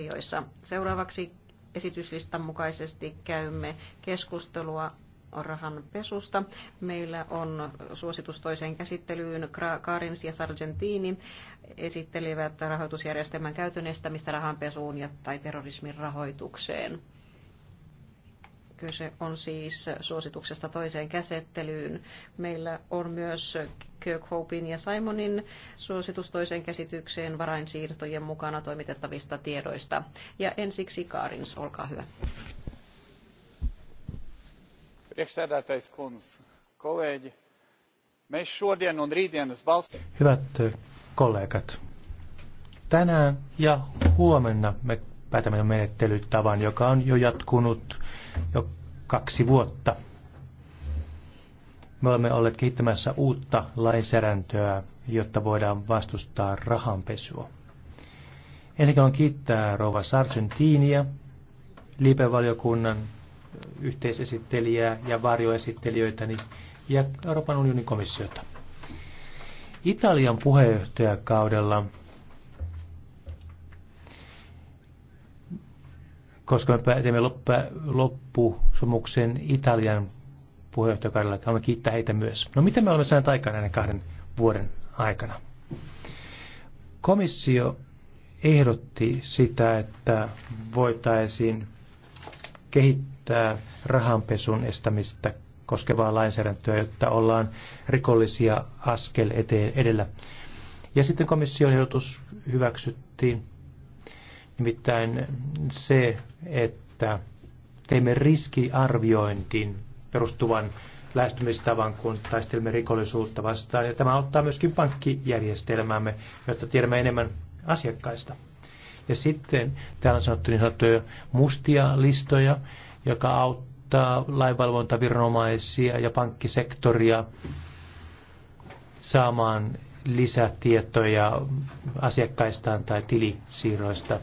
asioissa. Seuraavaksi esityslistan mukaisesti käymme keskustelua pesusta. Meillä on suositus toiseen käsittelyyn. Karins ja Sargentini esittelivät rahoitusjärjestelmän käytön estämistä rahanpesuun ja tai terrorismin rahoitukseen. Kyse on siis suosituksesta toiseen käsittelyyn. Meillä on myös Hopin ja Simonin suositus toiseen käsitykseen varainsiirtojen mukana toimitettavista tiedoista. Ja ensiksi Kaarins, olkaa hyvä. Hyvät kollegat, tänään ja huomenna me päätämme menettelytavan, joka on jo jatkunut jo kaksi vuotta. Me olemme olleet kehittämässä uutta lainsäädäntöä, jotta voidaan vastustaa rahanpesua. Ensinnäkin on kiittää Rova Sargentinia, Libe-valiokunnan yhteisesittelijää ja varjoesittelijöitäni ja Euroopan unionin komissiota. Italian puheenjohtajakaudella koska me päätimme loppusomuksen Italian puheenjohtajakaudella. Haluamme kiittää heitä myös. No mitä me olemme saaneet aikaan näiden kahden vuoden aikana? Komissio ehdotti sitä, että voitaisiin kehittää rahanpesun estämistä koskevaa lainsäädäntöä, jotta ollaan rikollisia askel eteen edellä. Ja sitten komission ehdotus hyväksyttiin Nimittäin se, että teimme riskiarviointiin perustuvan lähestymistavan, kun taistelemme rikollisuutta vastaan. Ja tämä auttaa myöskin pankkijärjestelmäämme, jotta tiedämme enemmän asiakkaista. Ja sitten täällä on sanottu niin sanottuja mustia listoja, joka auttaa lainvalvontaviranomaisia ja pankkisektoria saamaan lisätietoja asiakkaistaan tai tilisiirroista.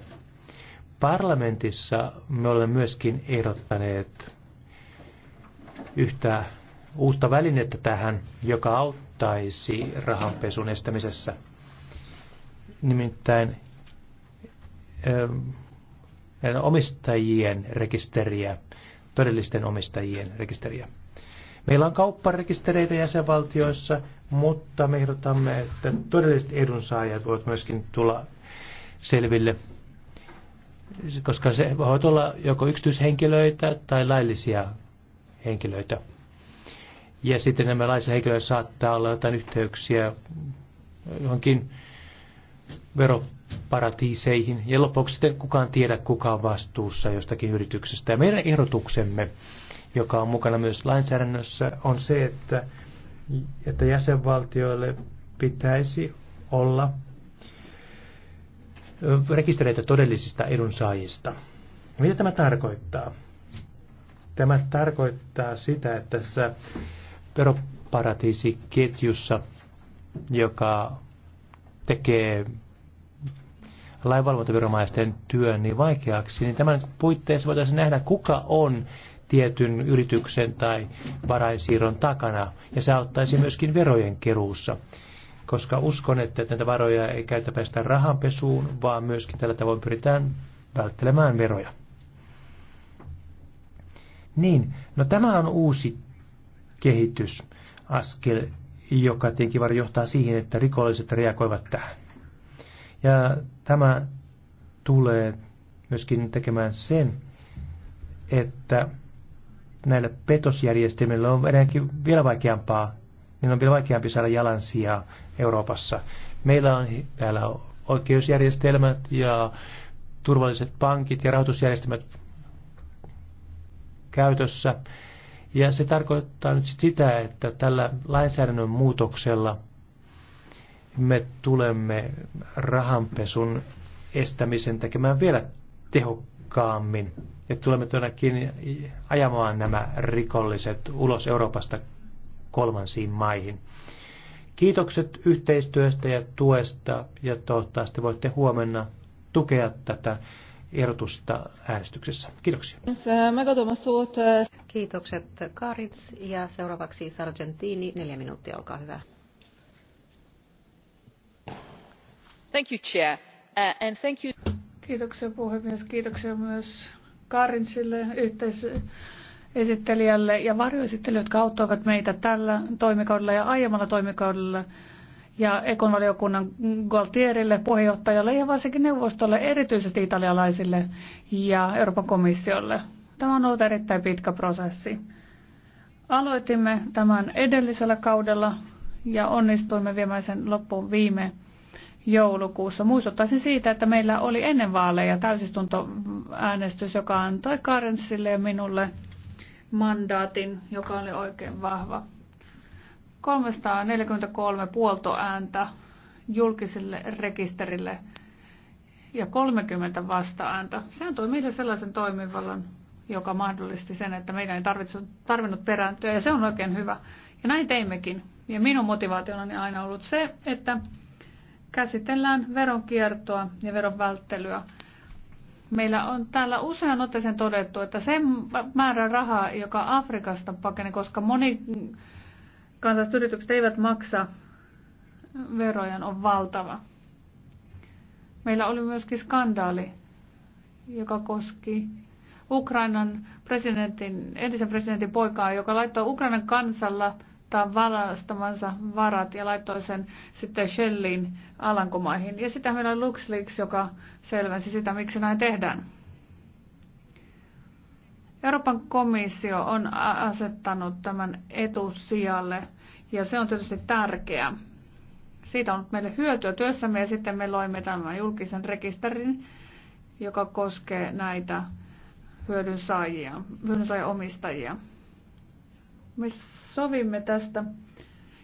Parlamentissa me olemme myöskin ehdottaneet yhtä uutta välinettä tähän, joka auttaisi rahanpesun estämisessä. Nimittäin ähm, omistajien rekisteriä, todellisten omistajien rekisteriä. Meillä on kaupparekistereitä jäsenvaltioissa, mutta me ehdotamme, että todelliset edunsaajat voivat myöskin tulla selville koska se voi olla joko yksityishenkilöitä tai laillisia henkilöitä. Ja sitten nämä laillisia henkilöitä saattaa olla jotain yhteyksiä johonkin veroparatiiseihin. Ja lopuksi sitten kukaan tiedä, kuka on vastuussa jostakin yrityksestä. Ja meidän ehdotuksemme, joka on mukana myös lainsäädännössä, on se, että, että jäsenvaltioille pitäisi olla rekistereitä todellisista edunsaajista. Mitä tämä tarkoittaa? Tämä tarkoittaa sitä, että tässä veroparatiisiketjussa, joka tekee lainvalvontaviranomaisten työn niin vaikeaksi, niin tämän puitteissa voitaisiin nähdä, kuka on tietyn yrityksen tai varainsiirron takana, ja se auttaisi myöskin verojen keruussa koska uskon, että näitä varoja ei käytä päästä rahanpesuun, vaan myöskin tällä tavoin pyritään välttelemään veroja. Niin, no tämä on uusi kehitysaskel, joka tietenkin varmaan johtaa siihen, että rikolliset reagoivat tähän. Ja tämä tulee myöskin tekemään sen, että näillä petosjärjestelmillä on vieläkin vielä vaikeampaa niin on vielä vaikeampi saada jalansijaa Euroopassa. Meillä on täällä oikeusjärjestelmät ja turvalliset pankit ja rahoitusjärjestelmät käytössä. Ja se tarkoittaa nyt sitä, että tällä lainsäädännön muutoksella me tulemme rahanpesun estämisen tekemään vielä tehokkaammin. Ja tulemme todellakin ajamaan nämä rikolliset ulos Euroopasta kolmansiin maihin. Kiitokset yhteistyöstä ja tuesta ja toivottavasti voitte huomenna tukea tätä erotusta äänestyksessä. Kiitoksia. Kiitokset Karins ja seuraavaksi Sargentini. Neljä minuuttia, olkaa hyvä. Thank you, Chair. Uh, and thank you. Kiitoksia puhemies. Kiitoksia myös Karinsille yhteistyöstä esittelijälle ja varjoesittelijöille, jotka auttoivat meitä tällä toimikaudella ja aiemmalla toimikaudella ja ekonvaliokunnan Gualtierille, puheenjohtajalle ja varsinkin neuvostolle, erityisesti italialaisille ja Euroopan komissiolle. Tämä on ollut erittäin pitkä prosessi. Aloitimme tämän edellisellä kaudella ja onnistuimme viemään sen loppuun viime joulukuussa. Muistuttaisin siitä, että meillä oli ennen vaaleja täysistuntoäänestys, joka antoi Karensille ja minulle mandaatin, joka oli oikein vahva. 343 puoltoääntä julkiselle rekisterille ja 30 vastaääntä. Se antoi meille sellaisen toimivallan, joka mahdollisti sen, että meidän ei tarvinnut perääntyä, ja se on oikein hyvä. Ja näin teimmekin. Ja minun motivaationani on aina ollut se, että käsitellään veronkiertoa ja veron välttelyä Meillä on täällä usean otteeseen todettu, että sen määrä rahaa, joka Afrikasta pakenee, koska moni kansalliset yritykset eivät maksa verojan, on valtava. Meillä oli myöskin skandaali, joka koski Ukrainan presidentin, entisen presidentin poikaa, joka laittoi Ukrainan kansalla ottaa varastamansa varat ja laittoi sen sitten Shelliin Alankomaihin. Ja sitä meillä on LuxLeaks, joka selvensi sitä, miksi näin tehdään. Euroopan komissio on asettanut tämän etusijalle ja se on tietysti tärkeää. Siitä on meille hyötyä työssämme ja sitten me loimme tämän julkisen rekisterin, joka koskee näitä hyödynsaajia, hyödynsaajien omistajia sovimme tästä.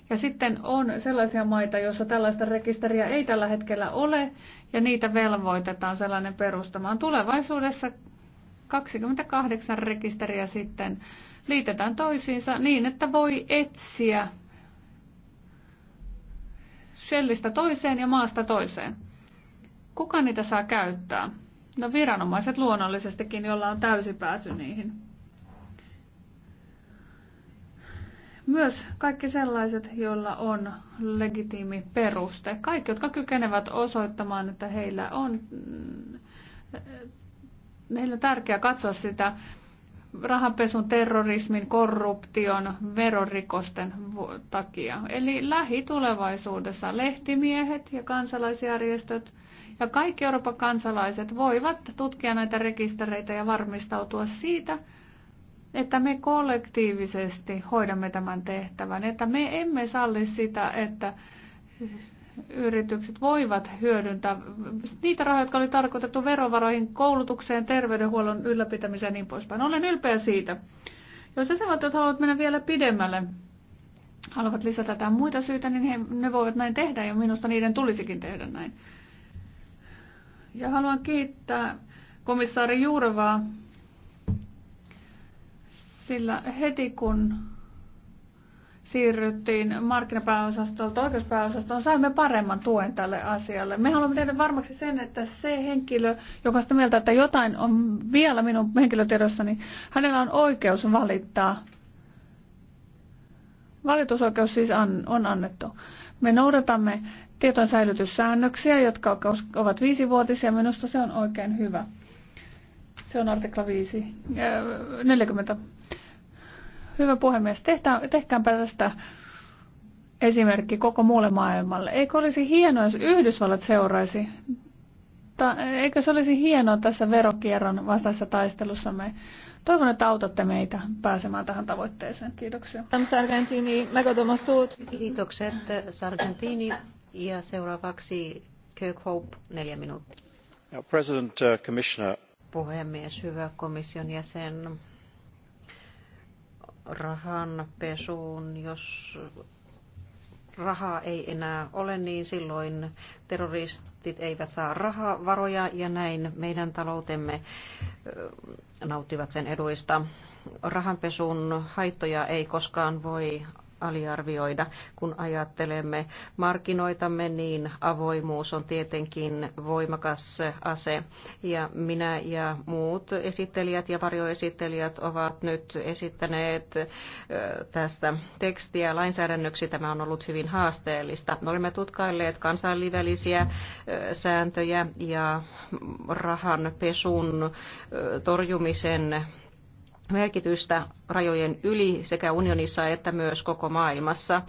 Ja sitten on sellaisia maita, joissa tällaista rekisteriä ei tällä hetkellä ole, ja niitä velvoitetaan sellainen perustamaan. Tulevaisuudessa 28 rekisteriä sitten liitetään toisiinsa niin, että voi etsiä shellistä toiseen ja maasta toiseen. Kuka niitä saa käyttää? No viranomaiset luonnollisestikin, jolla on täysi pääsy niihin. Myös kaikki sellaiset, joilla on legitiimi peruste. Kaikki, jotka kykenevät osoittamaan, että heillä on heillä on tärkeää katsoa sitä rahanpesun, terrorismin, korruption, verorikosten takia. Eli lähitulevaisuudessa lehtimiehet ja kansalaisjärjestöt ja kaikki Euroopan kansalaiset voivat tutkia näitä rekistereitä ja varmistautua siitä, että me kollektiivisesti hoidamme tämän tehtävän, että me emme salli sitä, että yritykset voivat hyödyntää niitä rahoja, jotka oli tarkoitettu verovaroihin, koulutukseen, terveydenhuollon ylläpitämiseen ja niin poispäin. Olen ylpeä siitä. Jos jäsenvaltiot haluavat mennä vielä pidemmälle, haluavat lisätä tämän muita syitä, niin he, ne voivat näin tehdä ja minusta niiden tulisikin tehdä näin. Ja haluan kiittää komissaari Juurevaa sillä heti kun siirryttiin markkinapääosastolta oikeuspääosastoon, saimme paremman tuen tälle asialle. Me haluamme tehdä varmaksi sen, että se henkilö, joka on sitä mieltä, että jotain on vielä minun henkilötiedossani, hänellä on oikeus valittaa. Valitusoikeus siis on annettu. Me noudatamme tietonsäilytyssäännöksiä, jotka ovat viisivuotisia. Minusta se on oikein hyvä. Se on artikla 5, 40 äh, Hyvä puhemies, tehtä, tehkääpä tästä esimerkki koko muulle maailmalle. Eikö olisi hienoa, jos Yhdysvallat seuraisi? Ta, eikö se olisi hienoa tässä verokierron vastaisessa taistelussamme? Toivon, että autatte meitä pääsemään tähän tavoitteeseen. Kiitoksia. Kiitokset Sargentini ja seuraavaksi Kirk Hope, neljä minuuttia. President, uh, Puhemies, hyvä komission jäsen rahanpesuun, jos rahaa ei enää ole, niin silloin terroristit eivät saa rahavaroja ja näin meidän taloutemme nauttivat sen eduista. Rahanpesun haittoja ei koskaan voi aliarvioida. Kun ajattelemme markkinoitamme, niin avoimuus on tietenkin voimakas ase. Ja minä ja muut esittelijät ja varjoesittelijät ovat nyt esittäneet tästä tekstiä lainsäädännöksi. Tämä on ollut hyvin haasteellista. Me olemme tutkailleet kansainvälisiä sääntöjä ja rahan pesun torjumisen merkitystä rajojen yli sekä unionissa että myös koko maailmassa.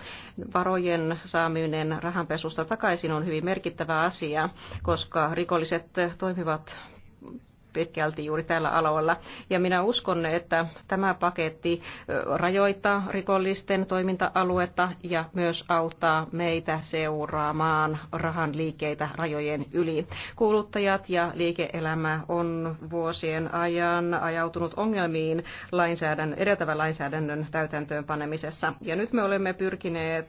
Varojen saaminen rahanpesusta takaisin on hyvin merkittävä asia, koska rikolliset toimivat pitkälti juuri tällä alalla. Ja minä uskon, että tämä paketti rajoittaa rikollisten toiminta-aluetta ja myös auttaa meitä seuraamaan rahan liikkeitä rajojen yli. Kuluttajat ja liike-elämä on vuosien ajan ajautunut ongelmiin lainsäädännön, edeltävän lainsäädännön täytäntöönpanemisessa. Ja nyt me olemme pyrkineet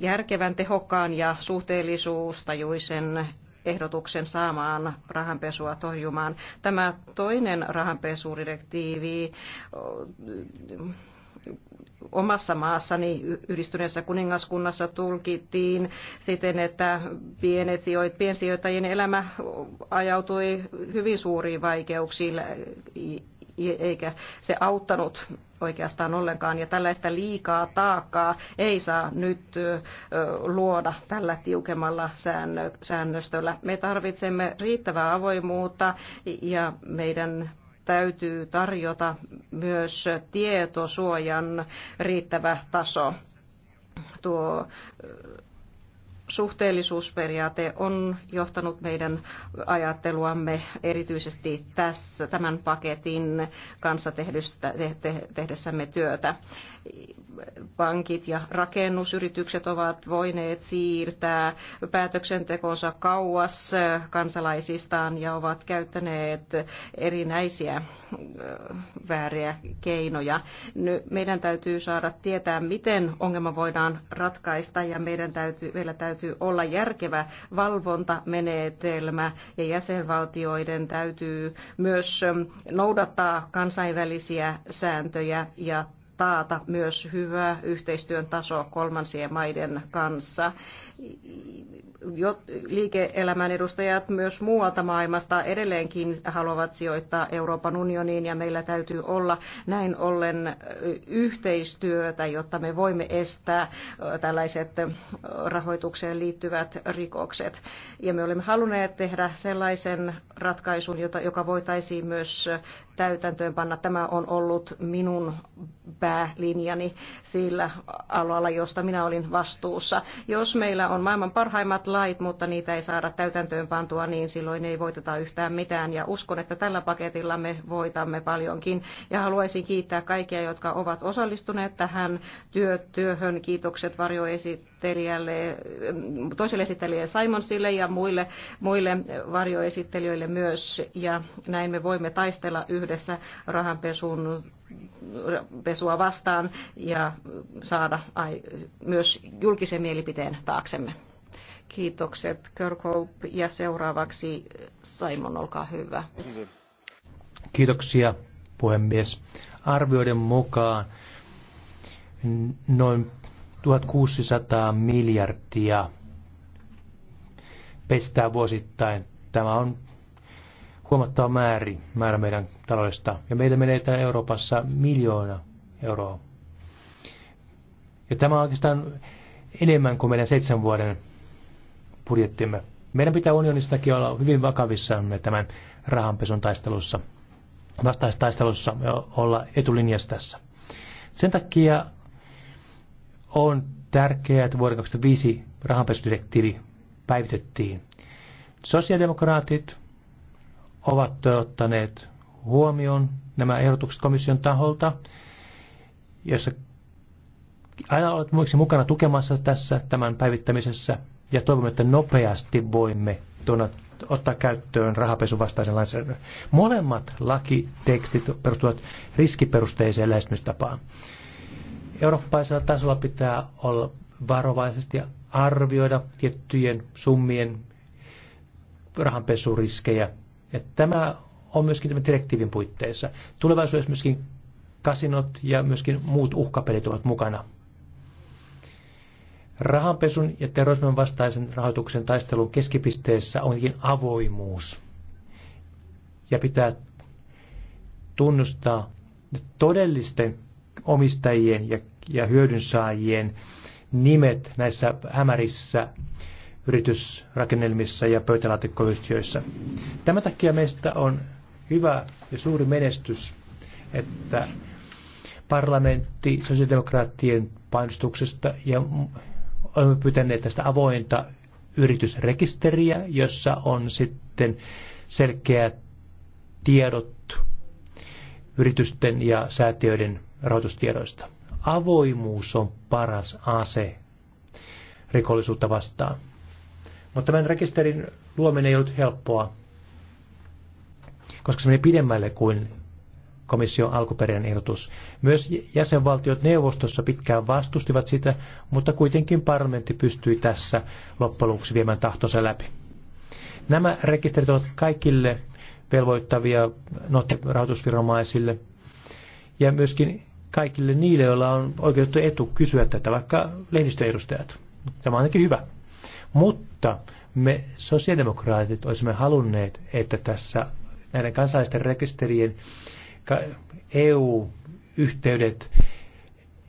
järkevän, tehokkaan ja suhteellisuustajuisen ehdotuksen saamaan rahanpesua torjumaan. Tämä toinen rahanpesudirektiivi omassa maassani yhdistyneessä kuningaskunnassa tulkittiin siten, että pienet sijoit, piensijoittajien elämä ajautui hyvin suuriin vaikeuksiin eikä se auttanut oikeastaan ollenkaan. Ja tällaista liikaa taakkaa ei saa nyt luoda tällä tiukemmalla säännöstöllä. Me tarvitsemme riittävää avoimuutta ja meidän täytyy tarjota myös tietosuojan riittävä taso. Tuo suhteellisuusperiaate on johtanut meidän ajatteluamme erityisesti tässä tämän paketin kanssa tehdystä, te, te, tehdessämme työtä. Pankit ja rakennusyritykset ovat voineet siirtää päätöksentekonsa kauas kansalaisistaan ja ovat käyttäneet erinäisiä äh, vääriä keinoja. Nyt meidän täytyy saada tietää, miten ongelma voidaan ratkaista ja meidän täytyy, meillä täytyy täytyy olla järkevä valvontamenetelmä ja jäsenvaltioiden täytyy myös noudattaa kansainvälisiä sääntöjä ja taata myös hyvä yhteistyön taso kolmansien maiden kanssa. Liike-elämän edustajat myös muualta maailmasta edelleenkin haluavat sijoittaa Euroopan unioniin ja meillä täytyy olla näin ollen yhteistyötä, jotta me voimme estää tällaiset rahoitukseen liittyvät rikokset. Ja me olemme halunneet tehdä sellaisen ratkaisun, jota, joka voitaisiin myös täytäntöönpanna. Tämä on ollut minun päälinjani sillä alalla, josta minä olin vastuussa. Jos meillä on maailman parhaimmat lait, mutta niitä ei saada täytäntöönpantua, niin silloin ei voiteta yhtään mitään. Ja uskon, että tällä paketilla me voitamme paljonkin. Ja haluaisin kiittää kaikkia, jotka ovat osallistuneet tähän työhön. Kiitokset varjoesittelyyn esittelijälle, toiselle esittelijälle Simonsille ja muille, muille varjoesittelijöille myös. Ja näin me voimme taistella yhdessä rahanpesun pesua vastaan ja saada myös julkisen mielipiteen taaksemme. Kiitokset Kirkhope ja seuraavaksi Simon, olkaa hyvä. Kiitoksia puhemies. Arvioiden mukaan noin 1600 miljardia pestää vuosittain. Tämä on huomattava määrä, määrä meidän taloudesta. Ja meillä menee täällä Euroopassa miljoona euroa. Ja tämä on oikeastaan enemmän kuin meidän seitsemän vuoden budjettimme. Meidän pitää unionistakin olla hyvin vakavissamme tämän rahanpesun taistelussa, vastaistaistelussa ja olla etulinjassa tässä. Sen takia on tärkeää, että vuoden 2005 rahanpesudirektiivi päivitettiin. Sosiaalidemokraatit ovat ottaneet huomioon nämä ehdotukset komission taholta, jossa aina olet muiksi mukana tukemassa tässä tämän päivittämisessä ja toivomme, että nopeasti voimme tuona, ottaa käyttöön rahapesun vastaisen lainsäädännön. Molemmat lakitekstit perustuvat riskiperusteiseen lähestymistapaan eurooppalaisella tasolla pitää olla varovaisesti arvioida tiettyjen summien rahanpesuriskejä. Että tämä on myöskin tämän direktiivin puitteissa. Tulevaisuudessa myöskin kasinot ja myöskin muut uhkapelit ovat mukana. Rahanpesun ja terrorismin vastaisen rahoituksen taistelun keskipisteessä onkin avoimuus. Ja pitää tunnustaa todellisten omistajien ja, ja hyödynsaajien nimet näissä hämärissä yritysrakennelmissa ja pöytälaatikkoyhtiöissä. Tämän takia meistä on hyvä ja suuri menestys, että parlamentti sosiaalidemokraattien painostuksesta ja olemme pyytäneet tästä avointa yritysrekisteriä, jossa on sitten selkeät tiedot yritysten ja säätiöiden rahoitustiedoista. Avoimuus on paras ase rikollisuutta vastaan. Mutta tämän rekisterin luominen ei ollut helppoa, koska se meni pidemmälle kuin komission alkuperäinen ehdotus. Myös jäsenvaltiot neuvostossa pitkään vastustivat sitä, mutta kuitenkin parlamentti pystyi tässä loppujen viemään tahtonsa läpi. Nämä rekisterit ovat kaikille velvoittavia no, rahoitusviranomaisille ja myöskin kaikille niille, joilla on oikeutettu etu kysyä tätä, vaikka lehdistöedustajat. Tämä on ainakin hyvä. Mutta me sosiaalidemokraatit olisimme halunneet, että tässä näiden kansallisten rekisterien EU-yhteydet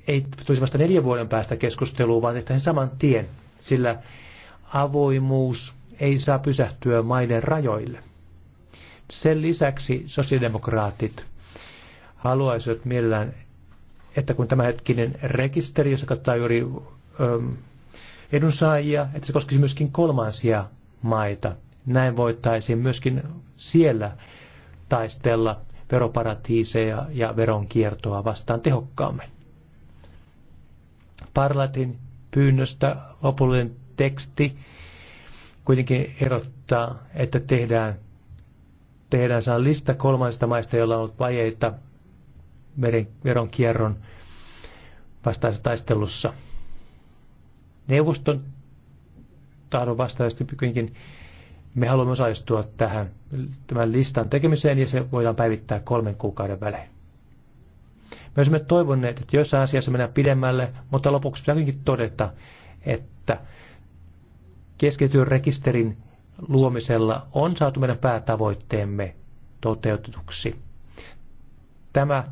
ei tulisi vasta neljän vuoden päästä keskusteluun, vaan tehtäisiin saman tien, sillä avoimuus ei saa pysähtyä maiden rajoille. Sen lisäksi sosiaalidemokraatit haluaisivat mielellään, että kun tämä hetkinen rekisteri, jossa katsotaan juuri ähm, edunsaajia, että se koskisi myöskin kolmansia maita. Näin voitaisiin myöskin siellä taistella veroparatiiseja ja veronkiertoa vastaan tehokkaammin. Parlatin pyynnöstä lopullinen teksti kuitenkin erottaa, että tehdään, tehdään saa lista kolmansista maista, joilla on ollut vajeita veronkierron vastaisessa taistelussa. Neuvoston tahdon vastaisesti kuitenkin me haluamme osallistua tähän tämän listan tekemiseen ja se voidaan päivittää kolmen kuukauden välein. Myös Me olisimme toivonneet, että joissain asiassa mennään pidemmälle, mutta lopuksi pitää kuitenkin todeta, että keskityön rekisterin luomisella on saatu meidän päätavoitteemme toteutetuksi. Tämä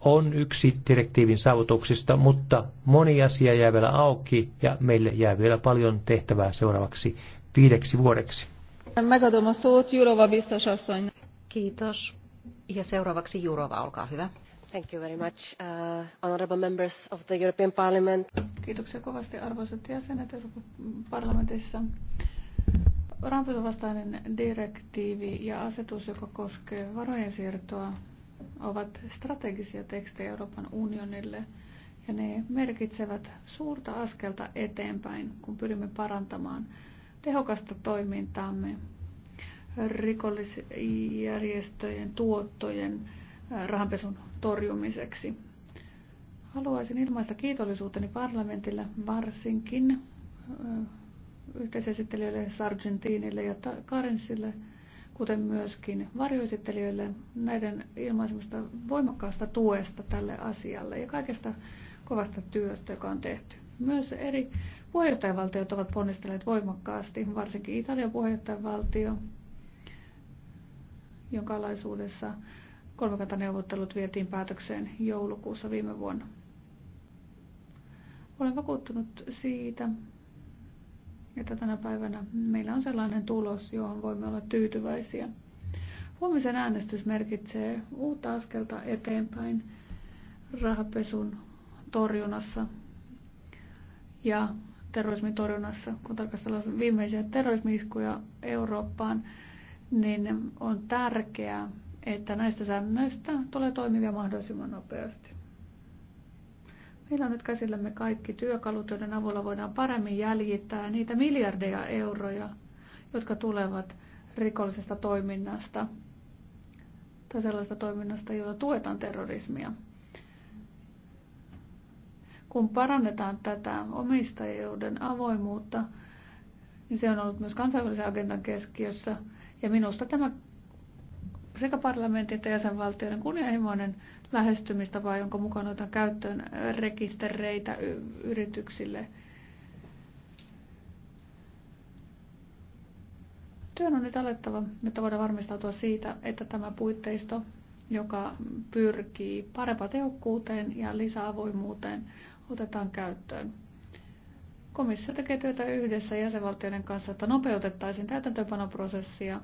on yksi direktiivin saavutuksista, mutta moni asia jää vielä auki ja meille jää vielä paljon tehtävää seuraavaksi viideksi vuodeksi. Kiitos. Ja seuraavaksi Jurova, olkaa hyvä. Thank you very much, uh, honorable members of the European Parliament. Kiitoksia kovasti arvoisat jäsenet Euroopan parlamentissa. Rahanpesuvastainen direktiivi ja asetus, joka koskee varojen siirtoa ovat strategisia tekstejä Euroopan unionille ja ne merkitsevät suurta askelta eteenpäin, kun pyrimme parantamaan tehokasta toimintaamme rikollisjärjestöjen tuottojen äh, rahanpesun torjumiseksi. Haluaisin ilmaista kiitollisuuteni parlamentille varsinkin äh, yhteisesittelijöille Sargentinille ja Karensille – kuten myöskin varjoesittelijöille näiden ilmaisemista voimakkaasta tuesta tälle asialle ja kaikesta kovasta työstä, joka on tehty. Myös eri puheenjohtajavaltiot ovat ponnistelleet voimakkaasti, varsinkin Italian puheenjohtajavaltio, jonka alaisuudessa kolmikantaneuvottelut vietiin päätökseen joulukuussa viime vuonna. Olen vakuuttunut siitä, että tänä päivänä meillä on sellainen tulos, johon voimme olla tyytyväisiä. Huomisen äänestys merkitsee uutta askelta eteenpäin rahapesun torjunnassa ja terrorismin torjunnassa. Kun tarkastellaan viimeisiä terrorismiiskuja Eurooppaan, niin on tärkeää, että näistä säännöistä tulee toimivia mahdollisimman nopeasti. Meillä on nyt käsillämme kaikki työkalut, joiden avulla voidaan paremmin jäljittää niitä miljardeja euroja, jotka tulevat rikollisesta toiminnasta tai sellaista toiminnasta, jolla tuetaan terrorismia. Kun parannetaan tätä omistajuuden avoimuutta, niin se on ollut myös kansainvälisen agendan keskiössä. Ja minusta tämä sekä parlamentin että jäsenvaltioiden kunnianhimoinen lähestymistapa, jonka mukaan otetaan käyttöön rekistereitä yrityksille. Työn on nyt alettava, että voidaan varmistautua siitä, että tämä puitteisto, joka pyrkii parempaan tehokkuuteen ja lisäavoimuuteen, otetaan käyttöön. Komissio tekee työtä yhdessä jäsenvaltioiden kanssa, että nopeutettaisiin täytäntöönpanoprosessia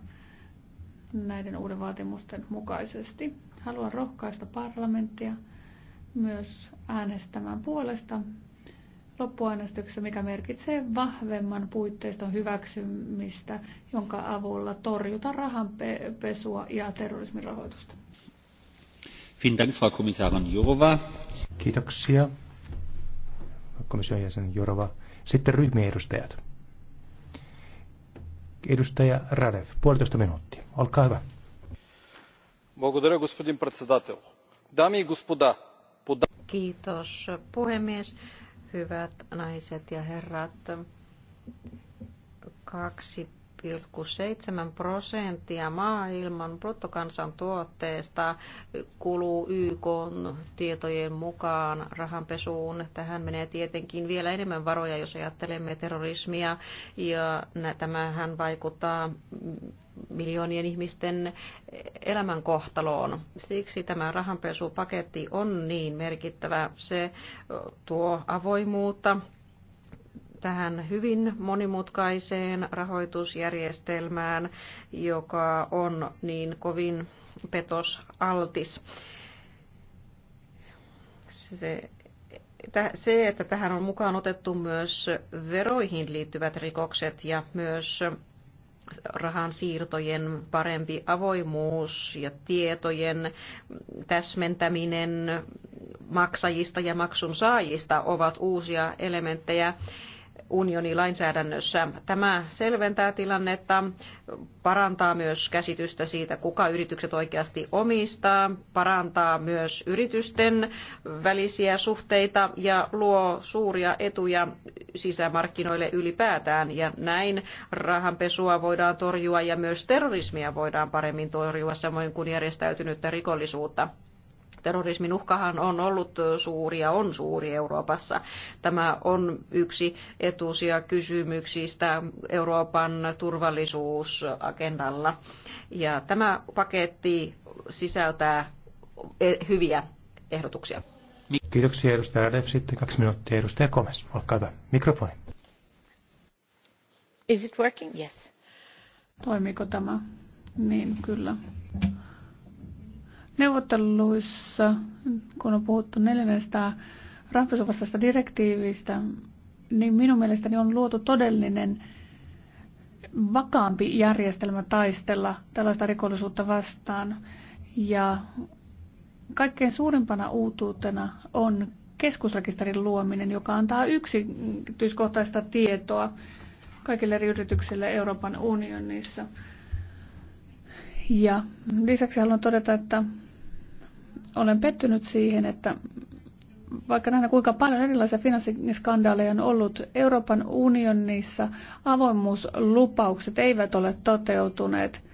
näiden uuden vaatimusten mukaisesti. Haluan rohkaista parlamenttia myös äänestämään puolesta loppuäänestyksessä, mikä merkitsee vahvemman puitteiston hyväksymistä, jonka avulla torjutaan rahanpesua ja terrorismin rahoitusta. Kiitoksia, komission jäsen Jurova. Sitten ryhmien edustajat. Edustaja Radev, puolitoista minuuttia. Olkaa Kiitos puhemies. Hyvät naiset ja herrat, kaksi 2,7 prosenttia maailman bruttokansantuotteesta kuluu YK tietojen mukaan rahanpesuun. Tähän menee tietenkin vielä enemmän varoja, jos ajattelemme terrorismia, ja tämähän vaikuttaa miljoonien ihmisten elämänkohtaloon. Siksi tämä rahanpesupaketti on niin merkittävä. Se tuo avoimuutta tähän hyvin monimutkaiseen rahoitusjärjestelmään, joka on niin kovin petosaltis. Se se, että tähän on mukaan otettu myös veroihin liittyvät rikokset ja myös rahan siirtojen parempi avoimuus ja tietojen täsmentäminen maksajista ja maksun saajista ovat uusia elementtejä unionilainsäädännössä. Tämä selventää tilannetta, parantaa myös käsitystä siitä, kuka yritykset oikeasti omistaa, parantaa myös yritysten välisiä suhteita ja luo suuria etuja sisämarkkinoille ylipäätään. Ja näin rahanpesua voidaan torjua ja myös terrorismia voidaan paremmin torjua, samoin kuin järjestäytynyttä rikollisuutta terrorismin uhkahan on ollut suuri ja on suuri Euroopassa. Tämä on yksi etusia kysymyksistä Euroopan turvallisuusagendalla. Ja tämä paketti sisältää e, hyviä ehdotuksia. Kiitoksia edustaja Rev. Sitten kaksi minuuttia edustaja Komes. Olkaa hyvä. Mikrofoni. Is it working? Yes. Toimiiko tämä? Niin, kyllä. Neuvotteluissa, kun on puhuttu neljännestä rahanpesuvastaisesta direktiivistä, niin minun mielestäni on luotu todellinen vakaampi järjestelmä taistella tällaista rikollisuutta vastaan. Ja kaikkein suurimpana uutuutena on keskusrekisterin luominen, joka antaa yksityiskohtaista tietoa kaikille eri yrityksille Euroopan unionissa. Ja lisäksi haluan todeta, että olen pettynyt siihen, että vaikka nähdään kuinka paljon erilaisia finanssiskandaaleja on ollut, Euroopan unionissa avoimuuslupaukset eivät ole toteutuneet.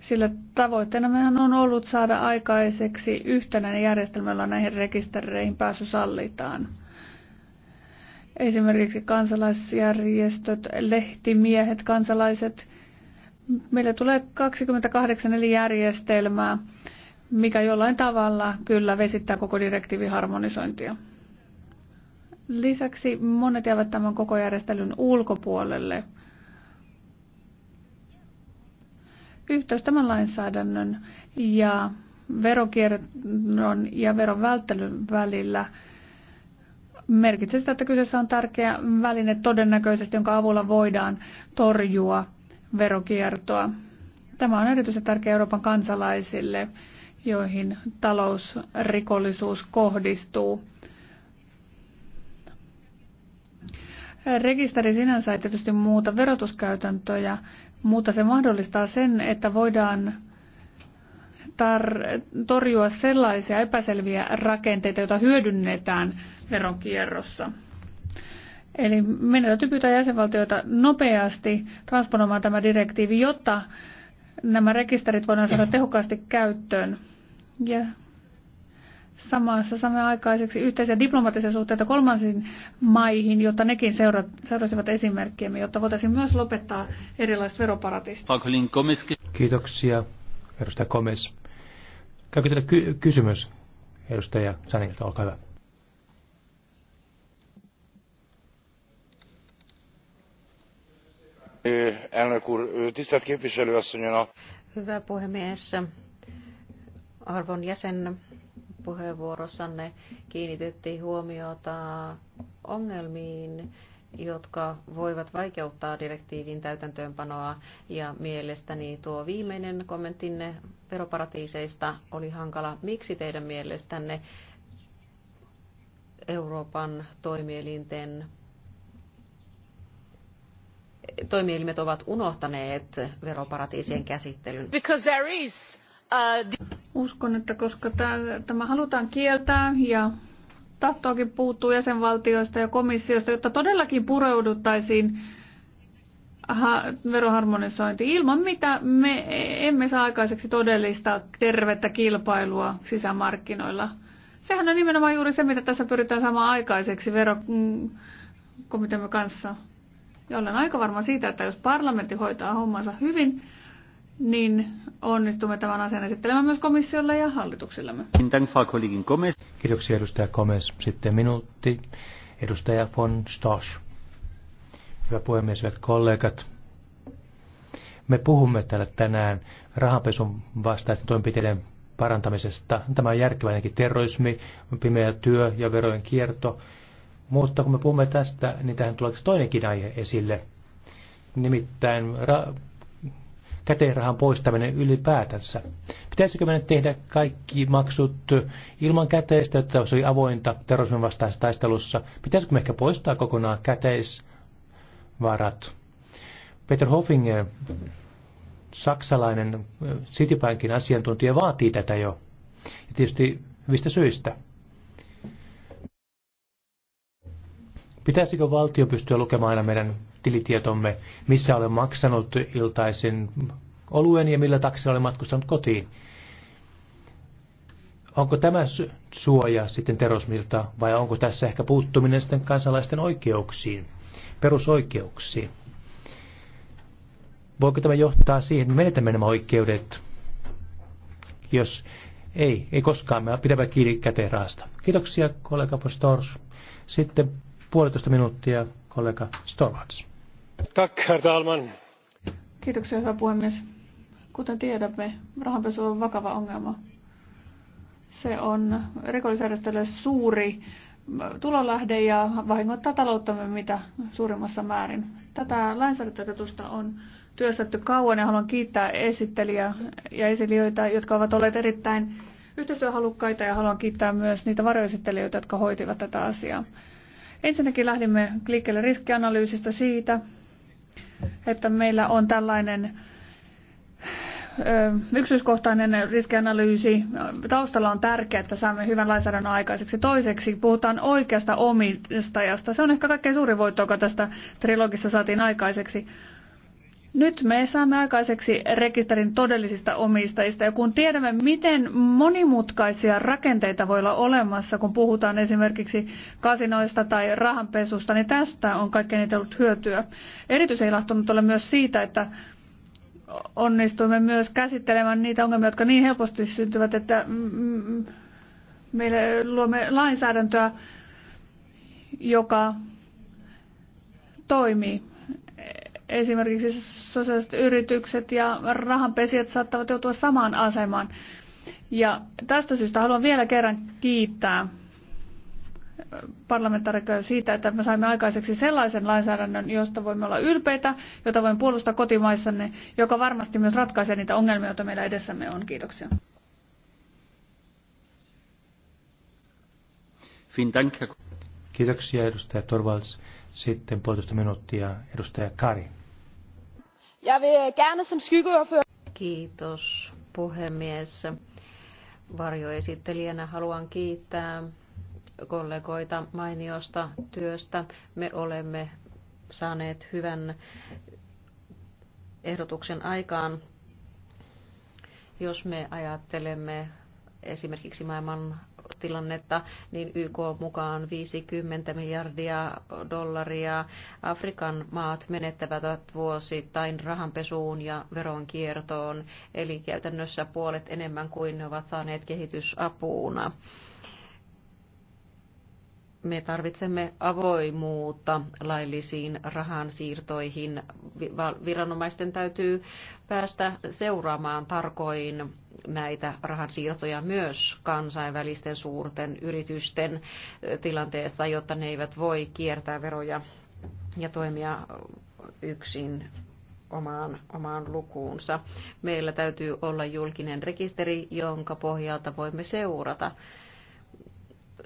Sillä tavoitteena mehän on ollut saada aikaiseksi yhtenäinen järjestelmä, jolla näihin rekistereihin pääsy sallitaan. Esimerkiksi kansalaisjärjestöt, lehtimiehet, kansalaiset – meillä tulee 28 eli järjestelmää, mikä jollain tavalla kyllä vesittää koko direktiivin harmonisointia. Lisäksi monet jäävät tämän koko järjestelyn ulkopuolelle. Yhteys tämän lainsäädännön ja veronkierron ja veron välttelyn välillä merkitsee sitä, että kyseessä on tärkeä väline todennäköisesti, jonka avulla voidaan torjua verokiertoa. Tämä on erityisen tärkeä Euroopan kansalaisille, joihin talousrikollisuus kohdistuu. Rekisteri sinänsä ei tietysti muuta verotuskäytäntöjä, mutta se mahdollistaa sen, että voidaan tar- torjua sellaisia epäselviä rakenteita, joita hyödynnetään veronkierrossa. Eli meidän täytyy pyytää jäsenvaltioita nopeasti transponoimaan tämä direktiivi, jotta nämä rekisterit voidaan saada tehokkaasti käyttöön. Ja samassa saamme aikaiseksi yhteisiä diplomaattisia suhteita kolmansiin maihin, jotta nekin seura- seurasivat esimerkkiämme, jotta voitaisiin myös lopettaa erilaiset veroparatiisit. Kiitoksia, edustaja Komes. Käykö teillä ky- kysymys, edustaja Sanilta, olkaa hyvä. tisztelt képviselő asszony! hyvä puhemies arvon jäsen puheenvuorossanne kiinnitettiin huomiota ongelmiin jotka voivat vaikeuttaa direktiivin täytäntöönpanoa ja mielestäni tuo viimeinen kommenttinne veroparatiiseista oli hankala. Miksi teidän mielestänne Euroopan toimielinten toimielimet ovat unohtaneet veroparatiisien käsittelyn. Is, uh, Uskon, että koska tämä halutaan kieltää ja tahtoakin puuttuu jäsenvaltioista ja komissiosta, jotta todellakin pureuduttaisiin veroharmonisointi. Ilman mitä me emme saa aikaiseksi todellista tervettä kilpailua sisämarkkinoilla. Sehän on nimenomaan juuri se, mitä tässä pyritään saamaan aikaiseksi verokomiteamme mm, kanssa. Ja olen aika varma siitä, että jos parlamentti hoitaa hommansa hyvin, niin onnistumme tämän asian esittelemään myös komissiolle ja hallituksillemme. Kiitoksia edustaja Gomez. Sitten minuutti. Edustaja von Stosch. Hyvä puhemies, hyvät kollegat. Me puhumme täällä tänään rahanpesun vastaisten toimenpiteiden parantamisesta. Tämä on järkevä ainakin terrorismi, pimeä työ ja verojen kierto mutta kun me puhumme tästä, niin tähän tulee toinenkin aihe esille. Nimittäin ra- käteenrahan poistaminen ylipäätänsä. Pitäisikö meidän tehdä kaikki maksut ilman käteistä, että se oli avointa terrorismin vastaisessa taistelussa? Pitäisikö me ehkä poistaa kokonaan käteisvarat? Peter Hoffinger, saksalainen Citibankin asiantuntija, vaatii tätä jo. Ja tietysti hyvistä syistä. Pitäisikö valtio pystyä lukemaan aina meidän tilitietomme, missä olen maksanut iltaisin oluen ja millä taksilla olen matkustanut kotiin? Onko tämä suoja sitten terrorismilta vai onko tässä ehkä puuttuminen sitten kansalaisten oikeuksiin, perusoikeuksiin? Voiko tämä johtaa siihen, että me menetämme nämä oikeudet, jos ei, ei koskaan me pidämme kiinni käteen raasta. Kiitoksia kollega Postors. Sitten puolitoista minuuttia kollega Storvats. Tack, herr talman. Kiitoksia, hyvä puhemies. Kuten tiedämme, rahanpesu on vakava ongelma. Se on rikollisjärjestölle suuri äh, tulolähde ja vahingoittaa talouttamme mitä suurimmassa määrin. Tätä lainsäädäntöehdotusta on työstetty kauan ja haluan kiittää esittelijä ja esilijoita, jotka ovat olleet erittäin yhteistyöhalukkaita ja haluan kiittää myös niitä varjoesittelijöitä, jotka hoitivat tätä asiaa. Ensinnäkin lähdimme liikkeelle riskianalyysistä siitä, että meillä on tällainen yksityiskohtainen riskianalyysi. Taustalla on tärkeää, että saamme hyvän lainsäädännön aikaiseksi. Toiseksi puhutaan oikeasta omistajasta. Se on ehkä kaikkein suurin voitto, joka tästä trilogissa saatiin aikaiseksi. Nyt me saamme aikaiseksi rekisterin todellisista omistajista ja kun tiedämme, miten monimutkaisia rakenteita voi olla olemassa, kun puhutaan esimerkiksi kasinoista tai rahanpesusta, niin tästä on kaikkein eniten ollut hyötyä. Erityisen ilahtunut olen myös siitä, että onnistuimme myös käsittelemään niitä ongelmia, jotka niin helposti syntyvät, että meille luomme lainsäädäntöä, joka toimii esimerkiksi sosiaaliset yritykset ja rahanpesijät saattavat joutua samaan asemaan. Ja tästä syystä haluan vielä kerran kiittää parlamentaarikkoja siitä, että me saimme aikaiseksi sellaisen lainsäädännön, josta voimme olla ylpeitä, jota voimme puolustaa kotimaissanne, joka varmasti myös ratkaisee niitä ongelmia, joita meillä edessämme on. Kiitoksia. Kiitoksia edustaja Torvalds. Sitten puolitoista minuuttia edustaja Kari. Øh, Kiitos puhemies. Varjoesittelijänä haluan kiittää kollegoita mainiosta työstä. Me olemme saaneet hyvän ehdotuksen aikaan. Jos me ajattelemme esimerkiksi maailman pakolaistilannetta, niin YK mukaan 50 miljardia dollaria Afrikan maat menettävät vuosittain rahanpesuun ja veronkiertoon, eli käytännössä puolet enemmän kuin ne ovat saaneet kehitysapuuna me tarvitsemme avoimuutta laillisiin rahansiirtoihin. Viranomaisten täytyy päästä seuraamaan tarkoin näitä rahansiirtoja myös kansainvälisten suurten yritysten eh, tilanteessa, jotta ne eivät voi kiertää veroja ja toimia yksin omaan, omaan lukuunsa. Meillä täytyy olla julkinen rekisteri, jonka pohjalta voimme seurata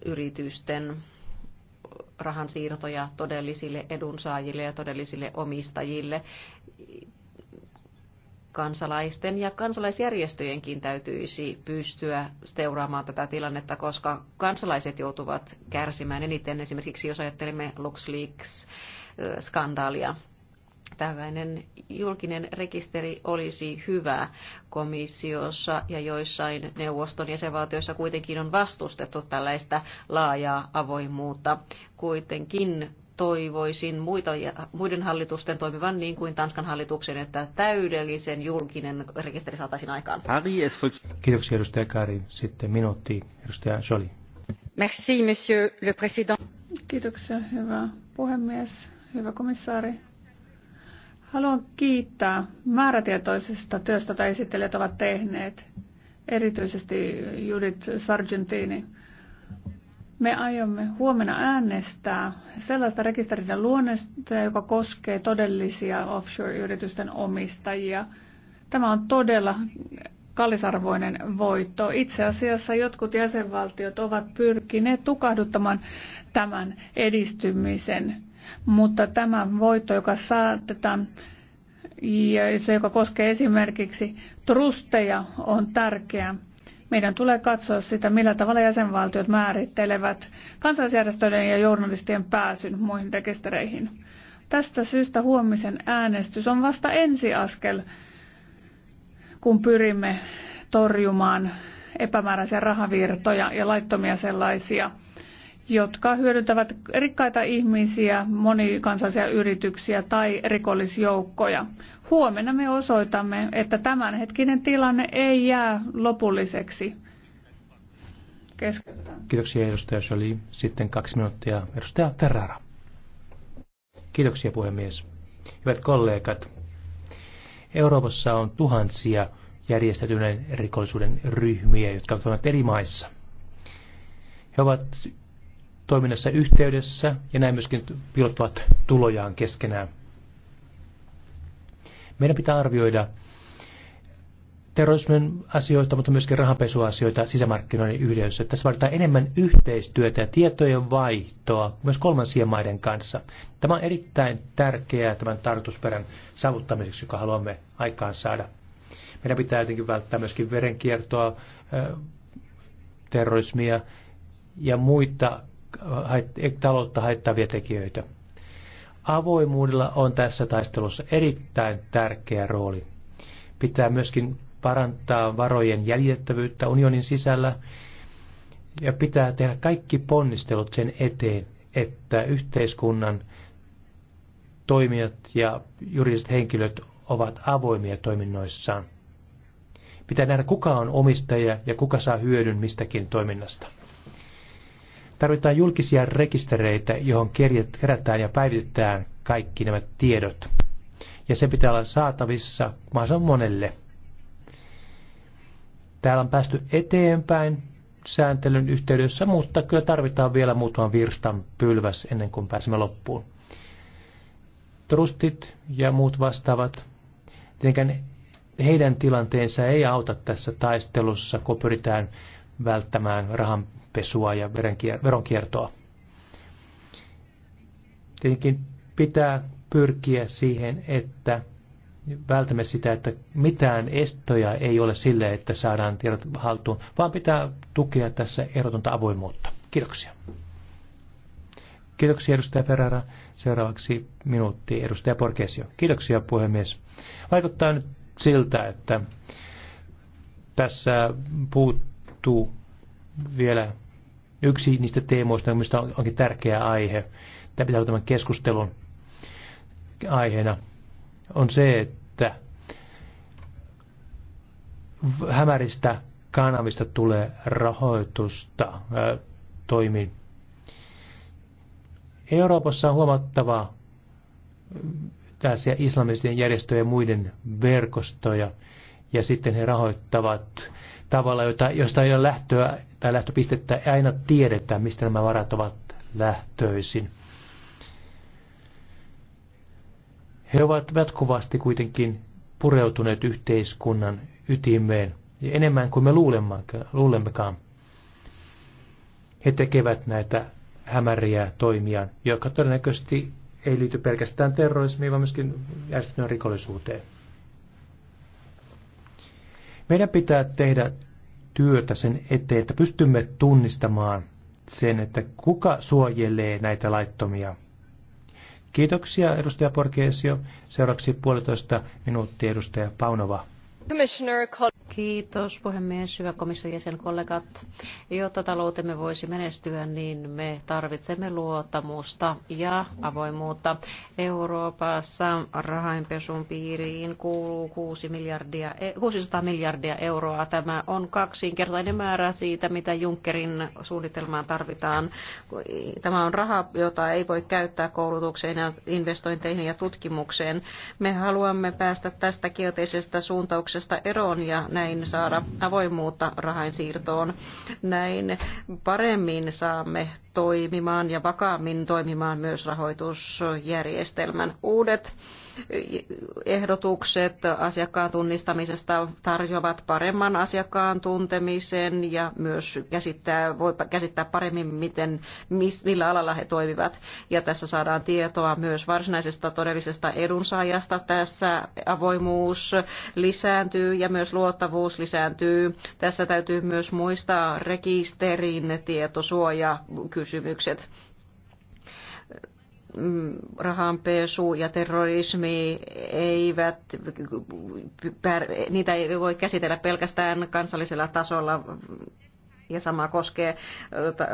yritysten rahansiirtoja todellisille edunsaajille ja todellisille omistajille. Kansalaisten ja kansalaisjärjestöjenkin täytyisi pystyä seuraamaan tätä tilannetta, koska kansalaiset joutuvat kärsimään eniten esimerkiksi, jos ajattelemme LuxLeaks-skandaalia tällainen julkinen rekisteri olisi hyvä komissiossa ja joissain neuvoston jäsenvaltioissa kuitenkin on vastustettu tällaista laajaa avoimuutta. Kuitenkin toivoisin muita, muiden hallitusten toimivan niin kuin Tanskan hallituksen, että täydellisen julkinen rekisteri saataisiin aikaan. Kiitoksia edustaja Kari. Sitten minuutti edustaja Jolie. Merci, monsieur le président. Kiitoksia, hyvä puhemies, hyvä komissaari. Haluan kiittää määrätietoisesta työstä, jota esittelijät ovat tehneet, erityisesti Judith Sargentini. Me aiomme huomenna äänestää sellaista rekisteriden luonnetta, joka koskee todellisia offshore-yritysten omistajia. Tämä on todella kallisarvoinen voitto. Itse asiassa jotkut jäsenvaltiot ovat pyrkineet tukahduttamaan tämän edistymisen mutta tämä voitto, joka saatetaan ja se, joka koskee esimerkiksi trusteja, on tärkeä. Meidän tulee katsoa sitä, millä tavalla jäsenvaltiot määrittelevät kansalaisjärjestöiden ja journalistien pääsyn muihin rekistereihin. Tästä syystä huomisen äänestys on vasta ensiaskel, kun pyrimme torjumaan epämääräisiä rahavirtoja ja laittomia sellaisia – jotka hyödyntävät rikkaita ihmisiä, monikansallisia yrityksiä tai rikollisjoukkoja. Huomenna me osoitamme, että tämänhetkinen tilanne ei jää lopulliseksi. Keskeytetään. Kiitoksia edustaja Jolie. Sitten kaksi minuuttia edustaja Ferrara. Kiitoksia puhemies. Hyvät kollegat, Euroopassa on tuhansia järjestäytyneen rikollisuuden ryhmiä, jotka ovat eri maissa. He ovat toiminnassa yhteydessä ja näin myöskin piilottavat tulojaan keskenään. Meidän pitää arvioida terrorismin asioita, mutta myöskin rahanpesuasioita sisämarkkinoiden yhdessä. Tässä vaaditaan enemmän yhteistyötä ja tietojen vaihtoa myös kolmansien maiden kanssa. Tämä on erittäin tärkeää tämän tartusperän saavuttamiseksi, joka haluamme aikaan saada. Meidän pitää jotenkin välttää myöskin verenkiertoa, terrorismia ja muita taloutta haittavia tekijöitä. Avoimuudella on tässä taistelussa erittäin tärkeä rooli. Pitää myöskin parantaa varojen jäljettävyyttä unionin sisällä ja pitää tehdä kaikki ponnistelut sen eteen, että yhteiskunnan toimijat ja juridiset henkilöt ovat avoimia toiminnoissaan. Pitää nähdä, kuka on omistaja ja kuka saa hyödyn mistäkin toiminnasta. Tarvitaan julkisia rekistereitä, johon kerätään ja päivitetään kaikki nämä tiedot. Ja se pitää olla saatavissa mahdollisimman monelle. Täällä on päästy eteenpäin sääntelyn yhteydessä, mutta kyllä tarvitaan vielä muutaman virstan pylväs ennen kuin pääsemme loppuun. Trustit ja muut vastaavat, tietenkään heidän tilanteensa ei auta tässä taistelussa, kun pyritään välttämään rahan pesua ja veronkiertoa. Tietenkin pitää pyrkiä siihen, että vältämme sitä, että mitään estoja ei ole sille, että saadaan tiedot haltuun, vaan pitää tukea tässä erotonta avoimuutta. Kiitoksia. Kiitoksia edustaja Ferrara. Seuraavaksi minuutti edustaja Porkesio. Kiitoksia puhemies. Vaikuttaa nyt siltä, että tässä puuttuu vielä yksi niistä teemoista, mistä onkin tärkeä aihe, tämä pitää olla tämän keskustelun aiheena, on se, että hämäristä kanavista tulee rahoitusta toimi. Euroopassa on huomattavaa tällaisia islamistien järjestöjen ja muiden verkostoja, ja sitten he rahoittavat tavalla, jota, josta ei ole lähtöä tai lähtöpistettä, ei aina tiedetä, mistä nämä varat ovat lähtöisin. He ovat jatkuvasti kuitenkin pureutuneet yhteiskunnan ytimeen, ja enemmän kuin me luulemmekaan. He tekevät näitä hämäriä toimia, jotka todennäköisesti ei liity pelkästään terrorismiin, vaan myöskin järjestetään rikollisuuteen. Meidän pitää tehdä työtä sen eteen, että pystymme tunnistamaan sen, että kuka suojelee näitä laittomia. Kiitoksia edustaja Porkeesio. Seuraavaksi puolitoista minuuttia edustaja Paunova. Kiitos puhemies, hyvä komission jäsen kollegat. Jotta taloutemme voisi menestyä, niin me tarvitsemme luottamusta ja avoimuutta. Euroopassa rahainpesun piiriin kuuluu 6 miljardia, 600 e- miljardia euroa. Tämä on kaksinkertainen määrä siitä, mitä Junckerin suunnitelmaan tarvitaan. Tämä on raha, jota ei voi käyttää koulutukseen ja investointeihin ja tutkimukseen. Me haluamme päästä tästä kielteisestä suuntauksesta verotuksesta eroon ja näin saada avoimuutta rahainsiirtoon. Näin paremmin saamme toimimaan ja vakaammin toimimaan myös rahoitusjärjestelmän uudet ehdotukset asiakkaan tunnistamisesta tarjoavat paremman asiakkaan tuntemisen ja myös käsittää, voi käsittää paremmin, miten, millä alalla he toimivat. Ja tässä saadaan tietoa myös varsinaisesta todellisesta edunsaajasta. Tässä avoimuus lisääntyy ja myös luottavuus lisääntyy. Tässä täytyy myös muistaa rekisterin tietosuojakysymykset Mm, rahanpesu ja terrorismi eivät, niitä ei voi käsitellä pelkästään kansallisella tasolla, ja sama koskee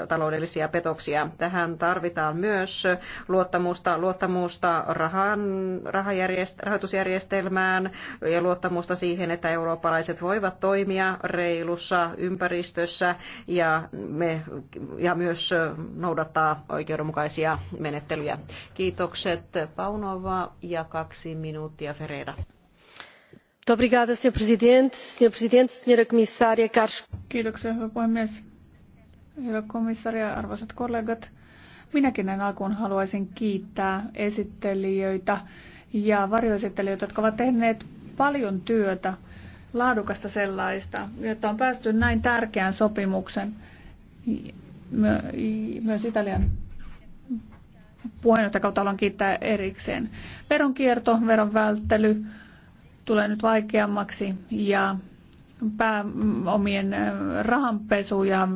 taloudellisia petoksia. Tähän tarvitaan myös luottamusta, luottamusta rahan, rahajärjest, rahoitusjärjestelmään ja luottamusta siihen, että eurooppalaiset voivat toimia reilussa ympäristössä ja, me, ja myös noudattaa oikeudenmukaisia menettelyjä. Kiitokset Paunova ja kaksi minuuttia Ferreira. Kiitoksia, hyvä puhemies. Hyvä komissaari arvoisat kollegat. Minäkin näin alkuun haluaisin kiittää esittelijöitä ja varjoesittelijöitä, jotka ovat tehneet paljon työtä, laadukasta sellaista, jotta on päästy näin tärkeään sopimuksen myös Italian puheenjohtajakautta haluan kiittää erikseen. Veronkierto, veron välttely, tulee nyt vaikeammaksi ja pääomien rahanpesu ja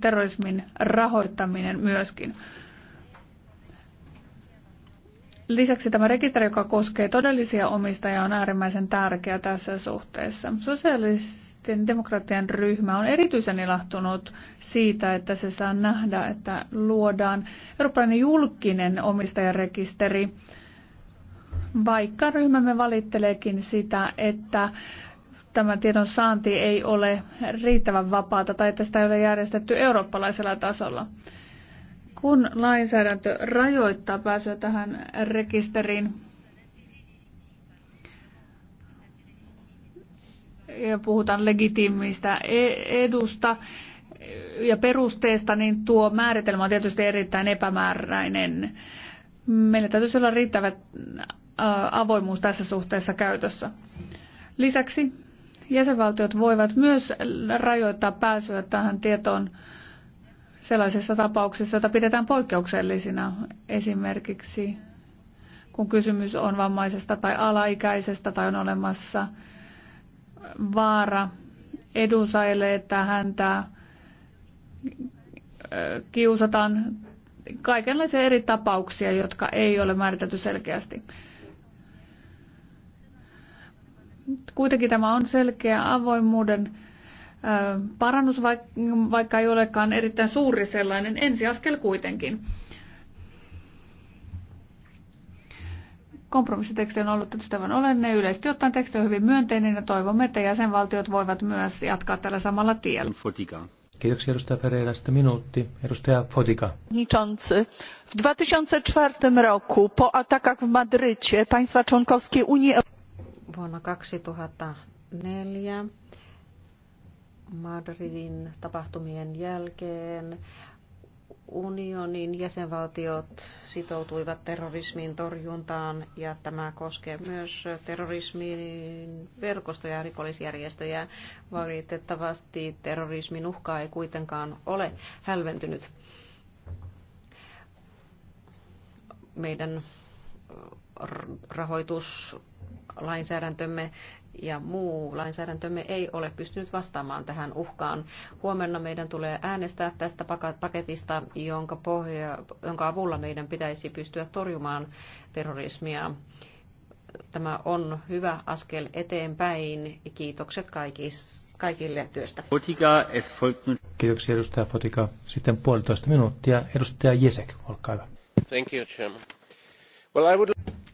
terrorismin rahoittaminen myöskin. Lisäksi tämä rekisteri, joka koskee todellisia omistajia, on äärimmäisen tärkeä tässä suhteessa. sosiaalisten demokratian ryhmä on erityisen ilahtunut siitä, että se saa nähdä, että luodaan eurooppalainen julkinen omistajarekisteri, vaikka ryhmämme valitteleekin sitä, että tämä tiedon saanti ei ole riittävän vapaata tai että sitä ei ole järjestetty eurooppalaisella tasolla. Kun lainsäädäntö rajoittaa pääsyä tähän rekisteriin, ja puhutaan legitiimistä edusta ja perusteesta, niin tuo määritelmä on tietysti erittäin epämääräinen. Meillä täytyisi olla riittävät avoimuus tässä suhteessa käytössä. Lisäksi jäsenvaltiot voivat myös rajoittaa pääsyä tähän tietoon sellaisissa tapauksissa, joita pidetään poikkeuksellisina, esimerkiksi kun kysymys on vammaisesta tai alaikäisestä tai on olemassa vaara edunsaajille, että häntä kiusataan kaikenlaisia eri tapauksia, jotka ei ole määritelty selkeästi. Kuitenkin tämä on selkeä avoimuuden parannus, vaikka ei olekaan erittäin suuri sellainen, ensiaskel kuitenkin. kompromissiteksti on ollut tietysti tämän olennainen. Yleisesti ottaen teksti on hyvin myönteinen ja toivomme, että jäsenvaltiot voivat myös jatkaa tällä samalla tiellä. Fotika. Kiitoksia edustaja Pereira. Sitten minuutti. Edustaja Fotika. Niczący. W 2004 roku po atakach w Madrycie państwa członkowskie Unii Europejskiej Vuonna 2004 Madridin tapahtumien jälkeen unionin jäsenvaltiot sitoutuivat terrorismin torjuntaan ja tämä koskee myös terrorismin verkostoja ja rikollisjärjestöjä. Valitettavasti terrorismin uhkaa ei kuitenkaan ole hälventynyt. Meidän rahoituslainsäädäntömme ja muu lainsäädäntömme ei ole pystynyt vastaamaan tähän uhkaan. Huomenna meidän tulee äänestää tästä paketista, jonka, pohja, jonka avulla meidän pitäisi pystyä torjumaan terrorismia. Tämä on hyvä askel eteenpäin. Kiitokset kaikille työstä. Fotika, Kiitoksia edustaja Fotika. Sitten puolitoista minuuttia. Edustaja Jesek, olkaa hyvä. Thank you, Chairman. Well, I would...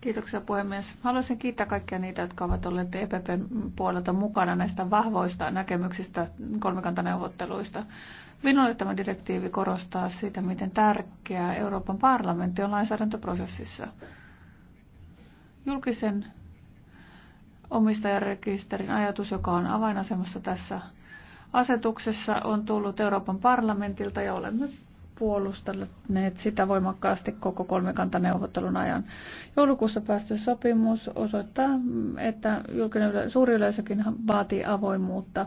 Kiitoksia puhemies. Haluaisin kiittää kaikkia niitä, jotka ovat olleet EPPn puolelta mukana näistä vahvoista näkemyksistä kolmikantaneuvotteluista. Minulle tämä direktiivi korostaa sitä, miten tärkeää Euroopan parlamentti on lainsäädäntöprosessissa. Julkisen omistajarekisterin ajatus, joka on avainasemassa tässä asetuksessa, on tullut Euroopan parlamentilta ja olemme puolustaneet sitä voimakkaasti koko kolmikantaneuvottelun ajan. Joulukuussa päästy sopimus osoittaa, että julkinen yle- suuri yleisökin vaatii avoimuutta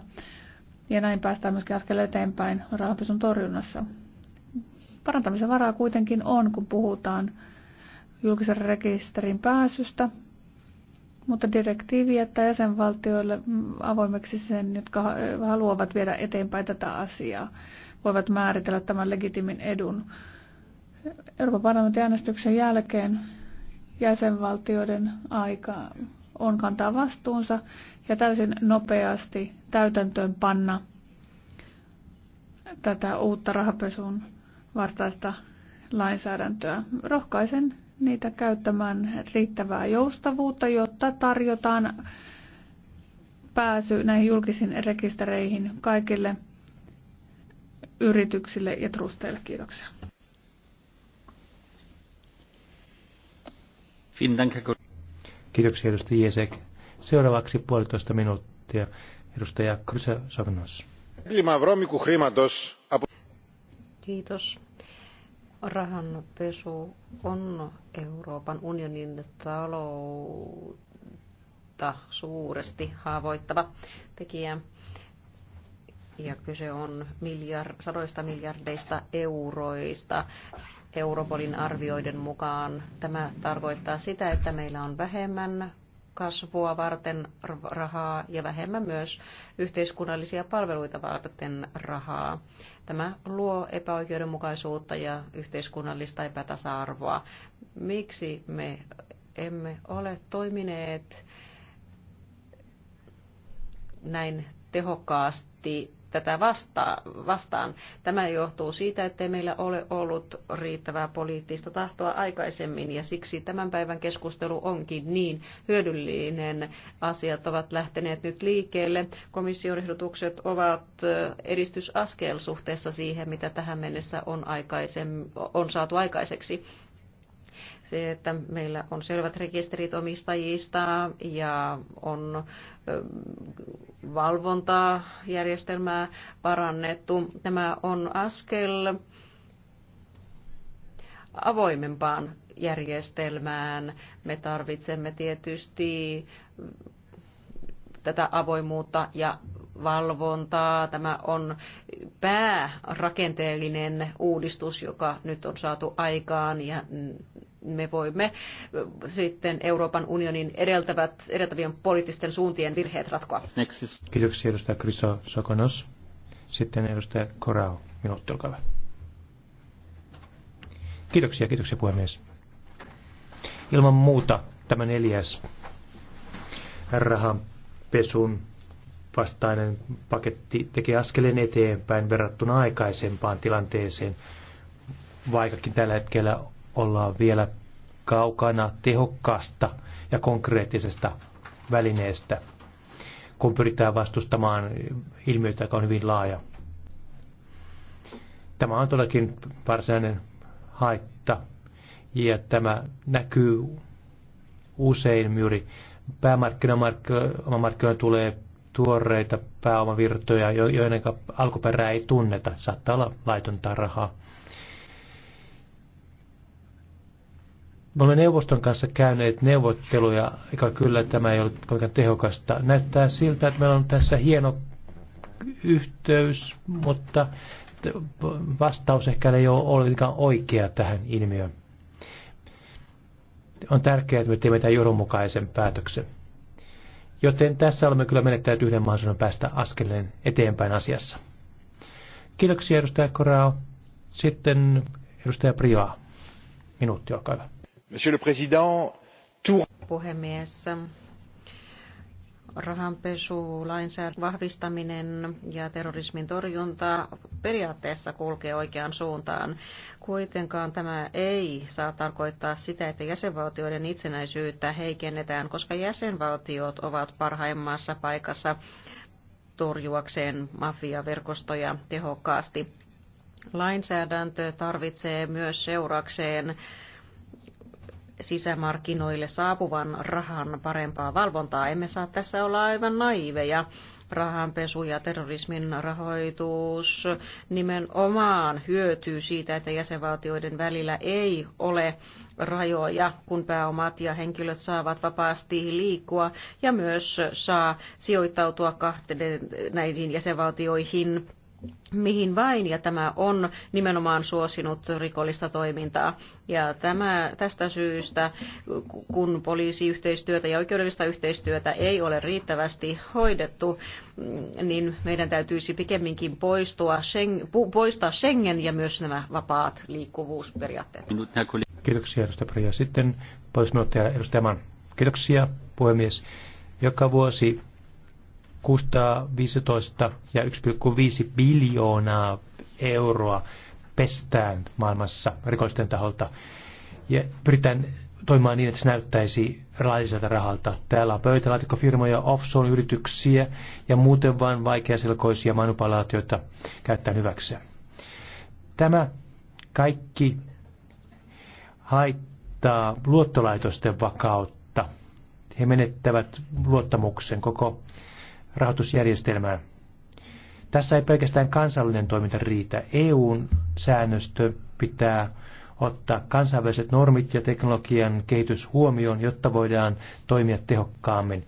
ja näin päästään myöskin askel eteenpäin rahapesun torjunnassa. Parantamisen varaa kuitenkin on, kun puhutaan julkisen rekisterin pääsystä mutta direktiivi jättää jäsenvaltioille avoimeksi sen, jotka haluavat viedä eteenpäin tätä asiaa, voivat määritellä tämän legitimin edun. Euroopan parlamentin äänestyksen jälkeen jäsenvaltioiden aika on kantaa vastuunsa ja täysin nopeasti täytäntöön panna tätä uutta rahapesun vastaista lainsäädäntöä. Rohkaisen niitä käyttämään riittävää joustavuutta, jotta tarjotaan pääsy näihin julkisiin rekistereihin kaikille yrityksille ja trusteille. Kiitoksia. Kiitoksia edustaja Jesek. Seuraavaksi puolitoista minuuttia edustaja Krysa Sognos. Kiitos Rahanpesu on Euroopan unionin taloutta suuresti haavoittava tekijä. Ja kyse on miljard, sadoista miljardeista euroista. Europolin arvioiden mukaan tämä tarkoittaa sitä, että meillä on vähemmän kasvua varten rahaa ja vähemmän myös yhteiskunnallisia palveluita varten rahaa. Tämä luo epäoikeudenmukaisuutta ja yhteiskunnallista epätasa-arvoa. Miksi me emme ole toimineet näin tehokkaasti tätä vasta- vastaan. Tämä johtuu siitä, ettei meillä ole ollut riittävää poliittista tahtoa aikaisemmin ja siksi tämän päivän keskustelu onkin niin hyödyllinen. Asiat ovat lähteneet nyt liikkeelle. Komission ehdotukset ovat edistysaskel suhteessa siihen, mitä tähän mennessä on, aikaisem- on saatu aikaiseksi se, että meillä on selvät rekisterit omistajista ja on valvontaa järjestelmää parannettu. Tämä on askel avoimempaan järjestelmään. Me tarvitsemme tietysti tätä avoimuutta ja valvontaa. Tämä on päärakenteellinen uudistus, joka nyt on saatu aikaan ja me voimme sitten Euroopan unionin edeltävät, edeltävien poliittisten suuntien virheet ratkoa. Kiitoksia edustaja Kriso Sokonos. Sitten edustaja Korao, minuutti olkaa hyvä. Kiitoksia, kiitoksia puhemies. Ilman muuta tämä neljäs rahanpesun vastainen paketti tekee askeleen eteenpäin verrattuna aikaisempaan tilanteeseen, vaikkakin tällä hetkellä ollaan vielä kaukana tehokkaasta ja konkreettisesta välineestä, kun pyritään vastustamaan ilmiötä, joka on hyvin laaja. Tämä on todellakin varsinainen haitta ja tämä näkyy usein juuri päämarkkinoilla tulee tuoreita pääomavirtoja, joiden alkuperää ei tunneta. Saattaa olla laitonta rahaa. Me olemme neuvoston kanssa käyneet neuvotteluja, eikä kyllä tämä ei ole kovinkaan tehokasta. Näyttää siltä, että meillä on tässä hieno yhteys, mutta vastaus ehkä ei ole ollenkaan oikea tähän ilmiöön. On tärkeää, että me teemme tämän johdonmukaisen päätöksen. Joten tässä olemme kyllä menettäneet yhden mahdollisuuden päästä askeleen eteenpäin asiassa. Kiitoksia edustaja Korao. Sitten edustaja Priaa. Minuutti, olkaa hyvä puhemies rahanpesulainsäädännön vahvistaminen ja terrorismin torjunta periaatteessa kulkee oikeaan suuntaan. Kuitenkaan tämä ei saa tarkoittaa sitä, että jäsenvaltioiden itsenäisyyttä heikennetään, koska jäsenvaltiot ovat parhaimmassa paikassa torjuakseen mafiaverkostoja tehokkaasti. Lainsäädäntö tarvitsee myös seurakseen sisämarkkinoille saapuvan rahan parempaa valvontaa. Emme saa tässä olla aivan naiveja. Rahanpesu ja terrorismin rahoitus nimenomaan hyötyy siitä, että jäsenvaltioiden välillä ei ole rajoja, kun pääomat ja henkilöt saavat vapaasti liikkua ja myös saa sijoittautua kahteen näihin jäsenvaltioihin mihin vain, ja tämä on nimenomaan suosinut rikollista toimintaa. Ja tämä, tästä syystä, kun poliisiyhteistyötä ja oikeudellista yhteistyötä ei ole riittävästi hoidettu, mm, niin meidän täytyisi pikemminkin poistua Schengen, poistaa Schengen ja myös nämä vapaat liikkuvuusperiaatteet. Kiitoksia edustaja Pria. Sitten poisminuuttaja edustaja Mann. Kiitoksia puhemies. Joka vuosi 615 ja 1,5 biljoonaa euroa pestään maailmassa rikollisten taholta. Ja pyritään toimimaan niin, että se näyttäisi lailliselta rahalta. Täällä on pöytälaatikkofirmoja, offshore-yrityksiä ja muuten vain vaikeaselkoisia manipulaatioita käyttää hyväksi. Tämä kaikki haittaa luottolaitosten vakautta. He menettävät luottamuksen koko rahoitusjärjestelmää. Tässä ei pelkästään kansallinen toiminta riitä. EUn säännöstö pitää ottaa kansainväliset normit ja teknologian kehitys huomioon, jotta voidaan toimia tehokkaammin.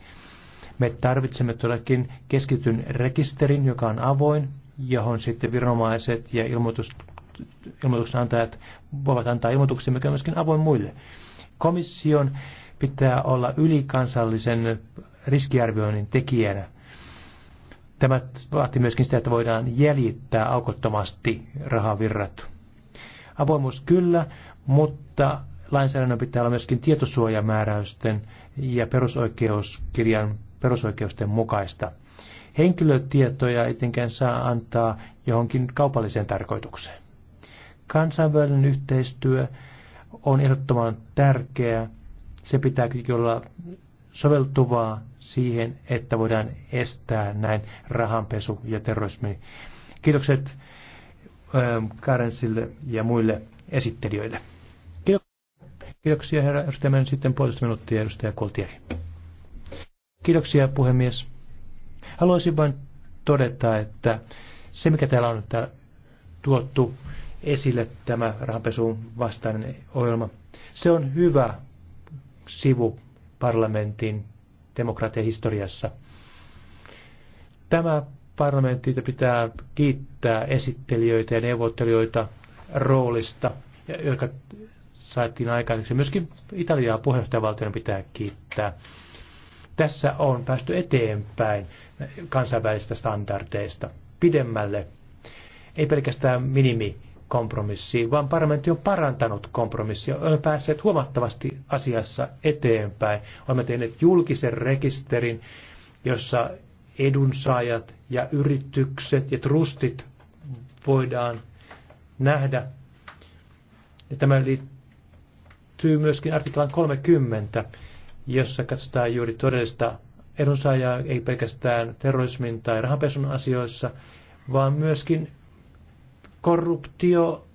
Me tarvitsemme todellakin keskityn rekisterin, joka on avoin, johon sitten viranomaiset ja ilmoitus, ilmoituksenantajat voivat antaa ilmoituksia, mikä on myöskin avoin muille. Komission pitää olla ylikansallisen riskiarvioinnin tekijänä – Tämä vaati myöskin sitä, että voidaan jäljittää aukottomasti rahavirrat. Avoimuus kyllä, mutta lainsäädännön pitää olla myöskin tietosuojamääräysten ja perusoikeuskirjan perusoikeusten mukaista. Henkilötietoja etenkään saa antaa johonkin kaupalliseen tarkoitukseen. Kansainvälinen yhteistyö on ehdottoman tärkeää. Se pitää olla soveltuvaa siihen, että voidaan estää näin rahanpesu ja terrorismi. Kiitokset ähm, Karensille ja muille esittelijöille. Kiitoksia herra edustaja. Mennään sitten puolitoista minuuttia edustaja Koltieri. Kiitoksia puhemies. Haluaisin vain todeta, että se mikä täällä on täällä tuottu esille, tämä rahanpesun vastainen ohjelma, se on hyvä sivu parlamentin historiassa. Tämä parlamentti pitää kiittää esittelijöitä ja neuvottelijoita roolista, joka saatiin aikaiseksi. Myöskin Italiaa puheenjohtajavaltiona pitää kiittää. Tässä on päästy eteenpäin kansainvälisistä standardeista pidemmälle. Ei pelkästään minimi kompromissiin, vaan parlamentti on parantanut kompromissia. Olemme päässeet huomattavasti asiassa eteenpäin. Olemme tehneet julkisen rekisterin, jossa edunsaajat ja yritykset ja trustit voidaan nähdä. Ja tämä liittyy myöskin artiklaan 30, jossa katsotaan juuri todellista edunsaajaa, ei pelkästään terrorismin tai rahanpesun asioissa, vaan myöskin korruptio-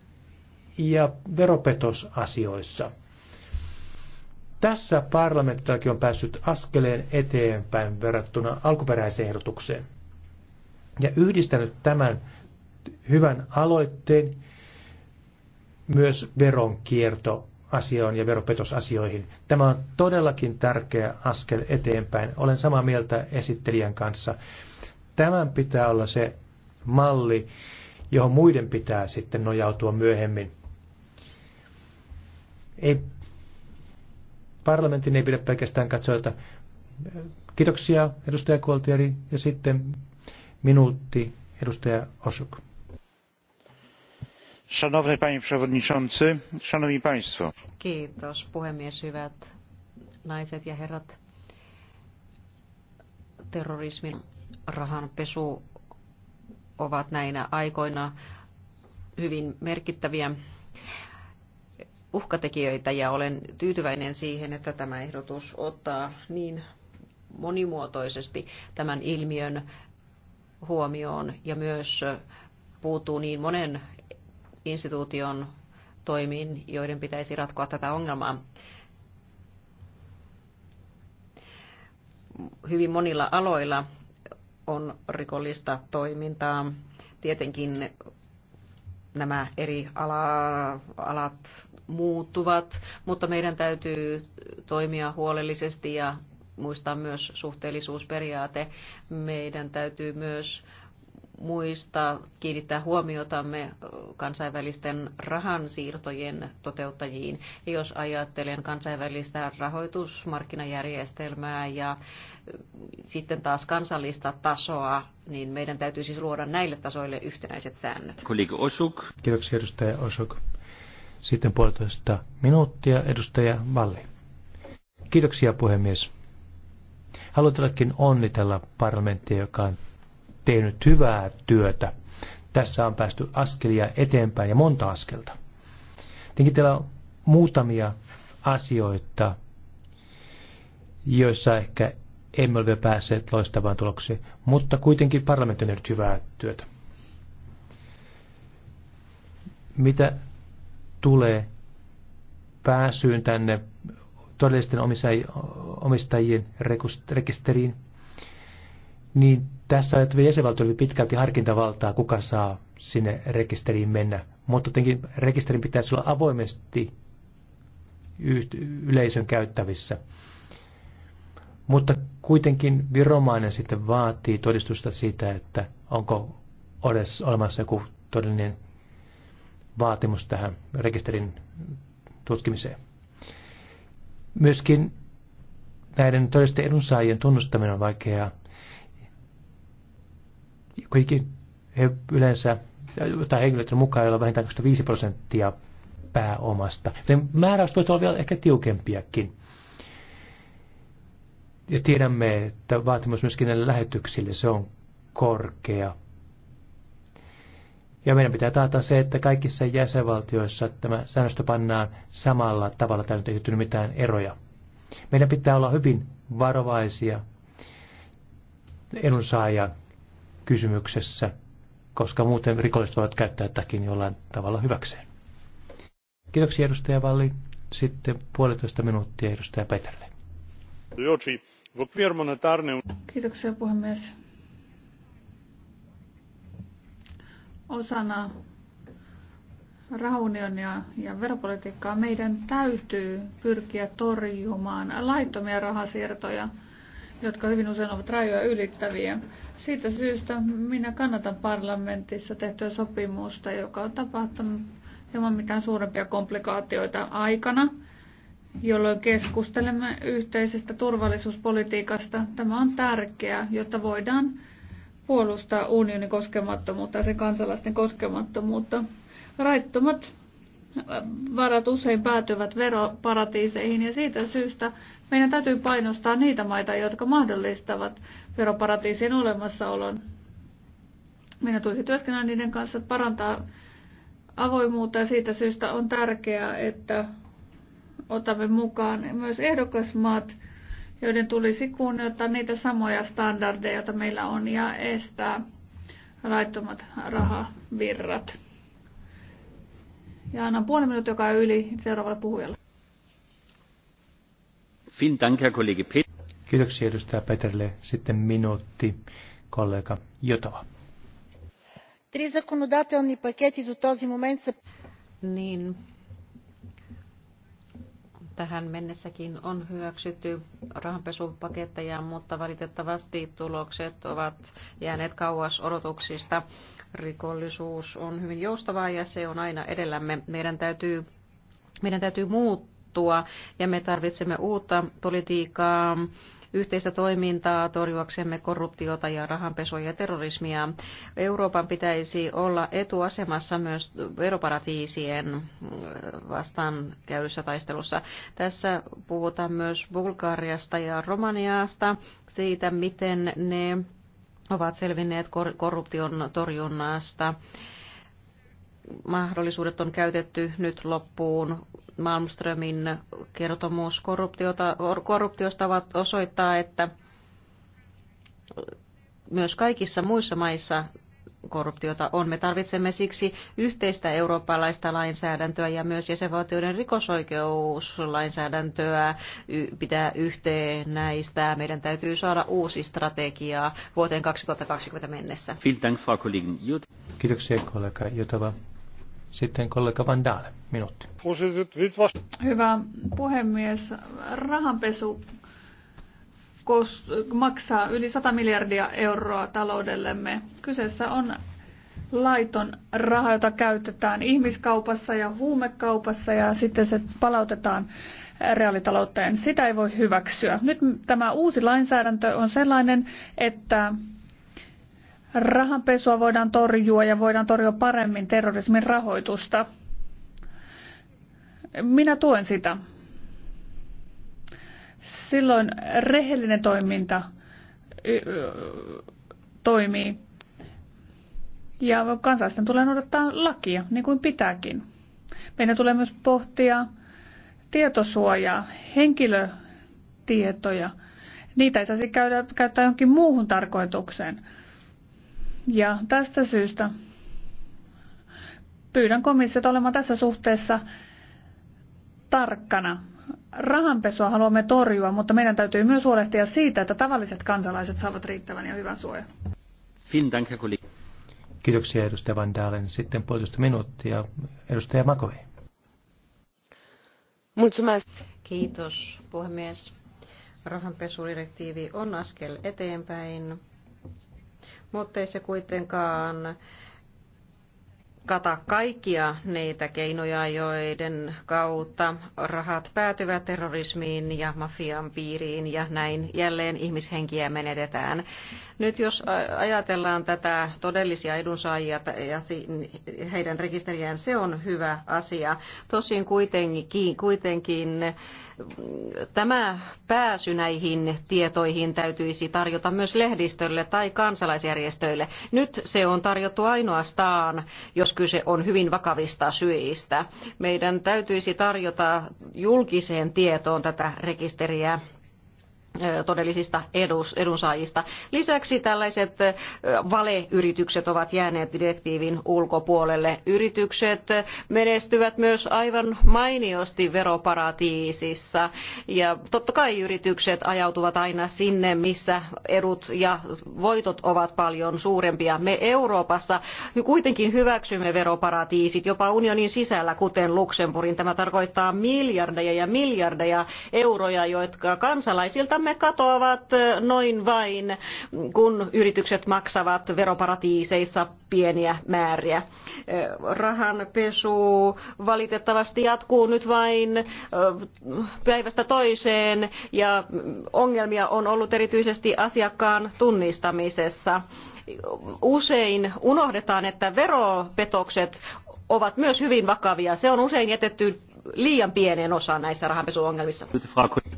ja veropetosasioissa. Tässä parlamentti on päässyt askeleen eteenpäin verrattuna alkuperäiseen ehdotukseen ja yhdistänyt tämän hyvän aloitteen myös veronkiertoasioon ja veropetosasioihin. Tämä on todellakin tärkeä askel eteenpäin. Olen samaa mieltä esittelijän kanssa. Tämän pitää olla se malli, johon muiden pitää sitten nojautua myöhemmin. Ei, parlamentin ei pidä pelkästään katsoa, että eh, kiitoksia edustaja Koltieri ja sitten minuutti edustaja Osuk. Szanowny panie przewodniczący, szanowni państwo. Kiitos puhemies, hyvät naiset ja herrat. Terrorismin rahanpesu ovat näinä aikoina hyvin merkittäviä uhkatekijöitä ja olen tyytyväinen siihen, että tämä ehdotus ottaa niin monimuotoisesti tämän ilmiön huomioon ja myös puuttuu niin monen instituution toimiin, joiden pitäisi ratkoa tätä ongelmaa. Hyvin monilla aloilla on rikollista toimintaa. Tietenkin nämä eri ala, alat muuttuvat, mutta meidän täytyy toimia huolellisesti ja muistaa myös suhteellisuusperiaate. Meidän täytyy myös muista kiinnittää huomiotamme kansainvälisten rahansiirtojen toteuttajiin. Jos ajattelen kansainvälistä rahoitusmarkkinajärjestelmää ja sitten taas kansallista tasoa, niin meidän täytyy siis luoda näille tasoille yhtenäiset säännöt. Kollega Osuk. Kiitoksia edustaja Osuk. Sitten puolitoista minuuttia edustaja Valli. Kiitoksia puhemies. Haluan onnitella parlamenttia, joka on tehnyt hyvää työtä. Tässä on päästy askelia eteenpäin ja monta askelta. Tietenkin teillä on muutamia asioita, joissa ehkä emme ole vielä päässeet loistavaan tulokseen, mutta kuitenkin parlamentti on tehnyt hyvää työtä. Mitä tulee pääsyyn tänne todellisten omistajien rekisteriin, niin tässä ajattelee jäsenvaltio pitkälti harkintavaltaa, kuka saa sinne rekisteriin mennä. Mutta tietenkin rekisterin pitäisi olla avoimesti yleisön käyttävissä. Mutta kuitenkin viromainen sitten vaatii todistusta siitä, että onko edes olemassa joku todellinen vaatimus tähän rekisterin tutkimiseen. Myöskin näiden todellisten edunsaajien tunnustaminen on vaikeaa, he yleensä, tai henkilöiden mukaan, joilla on vähintään 5 prosenttia pääomasta. Joten määräys voisi olla vielä ehkä tiukempiakin. Ja tiedämme, että vaatimus myöskin näille lähetyksille, se on korkea. Ja meidän pitää taata se, että kaikissa jäsenvaltioissa tämä säännöstö pannaan samalla tavalla, tai nyt ei syntynyt mitään eroja. Meidän pitää olla hyvin varovaisia edunsaajan kysymyksessä, koska muuten rikolliset voivat käyttää tätäkin jollain tavalla hyväkseen. Kiitoksia edustaja Valli. Sitten puolitoista minuuttia edustaja Peterle. Kiitoksia puhemies. Osana rahaunionia ja veropolitiikkaa meidän täytyy pyrkiä torjumaan laittomia rahasiirtoja, jotka hyvin usein ovat rajoja ylittäviä. Siitä syystä minä kannatan parlamentissa tehtyä sopimusta, joka on tapahtunut ilman mitään suurempia komplikaatioita aikana, jolloin keskustelemme yhteisestä turvallisuuspolitiikasta. Tämä on tärkeää, jotta voidaan puolustaa unionin koskemattomuutta ja sen kansalaisten koskemattomuutta. Raittomat varat usein päätyvät veroparatiiseihin ja siitä syystä meidän täytyy painostaa niitä maita, jotka mahdollistavat veroparatiisien olemassaolon. Minä tulisi työskennellä niiden kanssa parantaa avoimuutta ja siitä syystä on tärkeää, että otamme mukaan myös ehdokasmaat, joiden tulisi kunnioittaa niitä samoja standardeja, joita meillä on, ja estää laittomat rahavirrat. Ja annan puoli minuuttia, joka on yli seuraavalle puhujalle. Vielen Dank, Herr Kollege Peter. Kiitoksia edustaja Peterle. Sitten minuutti kollega Jotova. Три законодателни пакети до този Niin. Tähän mennessäkin on hyväksytty rahanpesupaketteja, mutta valitettavasti tulokset ovat jääneet kauas odotuksista. Rikollisuus on hyvin joustavaa ja se on aina edellämme. Meidän täytyy, meidän täytyy muuttua ja me tarvitsemme uutta politiikkaa yhteistä toimintaa torjuaksemme korruptiota ja rahanpesua ja terrorismia. Euroopan pitäisi olla etuasemassa myös veroparatiisien vastaan käydyssä taistelussa. Tässä puhutaan myös Bulgariasta ja Romaniasta siitä, miten ne ovat selvinneet korruption torjunnasta mahdollisuudet on käytetty nyt loppuun. Malmströmin kertomus korruptiota, korruptiosta osoittaa, että myös kaikissa muissa maissa korruptiota on. Me tarvitsemme siksi yhteistä eurooppalaista lainsäädäntöä ja myös jäsenvaltioiden rikosoikeuslainsäädäntöä pitää yhteen näistä. Meidän täytyy saada uusi strategia vuoteen 2020 mennessä. Kiitoksia kollega Jutava. Sitten kollega Van Dalen, minuutti. Hyvä puhemies. Rahanpesu maksaa yli 100 miljardia euroa taloudellemme. Kyseessä on laiton raha, jota käytetään ihmiskaupassa ja huumekaupassa ja sitten se palautetaan reaalitalouteen. Sitä ei voi hyväksyä. Nyt tämä uusi lainsäädäntö on sellainen, että Rahanpesua voidaan torjua ja voidaan torjua paremmin terrorismin rahoitusta. Minä tuen sitä. Silloin rehellinen toiminta toimii. Ja kansalaisten tulee noudattaa lakia, niin kuin pitääkin. Meidän tulee myös pohtia tietosuojaa, henkilötietoja. Niitä ei saisi käyttää johonkin muuhun tarkoitukseen. Ja tästä syystä pyydän komissiota olemaan tässä suhteessa tarkkana. Rahanpesua haluamme torjua, mutta meidän täytyy myös huolehtia siitä, että tavalliset kansalaiset saavat riittävän ja hyvän suojan. Kiitoksia edustaja Van Dalen. Sitten puolitoista minuuttia edustaja Makovi. Kiitos puhemies. Rahanpesudirektiivi on askel eteenpäin mutta ei se kuitenkaan kata kaikkia niitä keinoja, joiden kautta rahat päätyvät terrorismiin ja mafian piiriin ja näin jälleen ihmishenkiä menetetään. Nyt jos ajatellaan tätä todellisia edunsaajia ja heidän rekisteriään, se on hyvä asia. Tosin kuitenkin, kuitenkin mm, tämä pääsy näihin tietoihin täytyisi tarjota myös lehdistölle tai kansalaisjärjestöille. Nyt se on tarjottu ainoastaan, jos kyse on hyvin vakavista syistä. Meidän täytyisi tarjota julkiseen tietoon tätä rekisteriä todellisista edunsaajista. Lisäksi tällaiset valeyritykset ovat jääneet direktiivin ulkopuolelle. Yritykset menestyvät myös aivan mainiosti veroparatiisissa ja totta kai yritykset ajautuvat aina sinne, missä edut ja voitot ovat paljon suurempia. Me Euroopassa kuitenkin hyväksymme veroparatiisit jopa unionin sisällä, kuten Luxemburgin. Tämä tarkoittaa miljardeja ja miljardeja euroja, jotka kansalaisilta tulomme katoavat noin vain, kun yritykset maksavat veroparatiiseissa pieniä määriä. Rahanpesu valitettavasti jatkuu nyt vain päivästä toiseen ja ongelmia on ollut erityisesti asiakkaan tunnistamisessa usein unohdetaan, että veropetokset ovat myös hyvin vakavia. Se on usein jätetty liian pieneen osaan näissä rahanpesuongelmissa.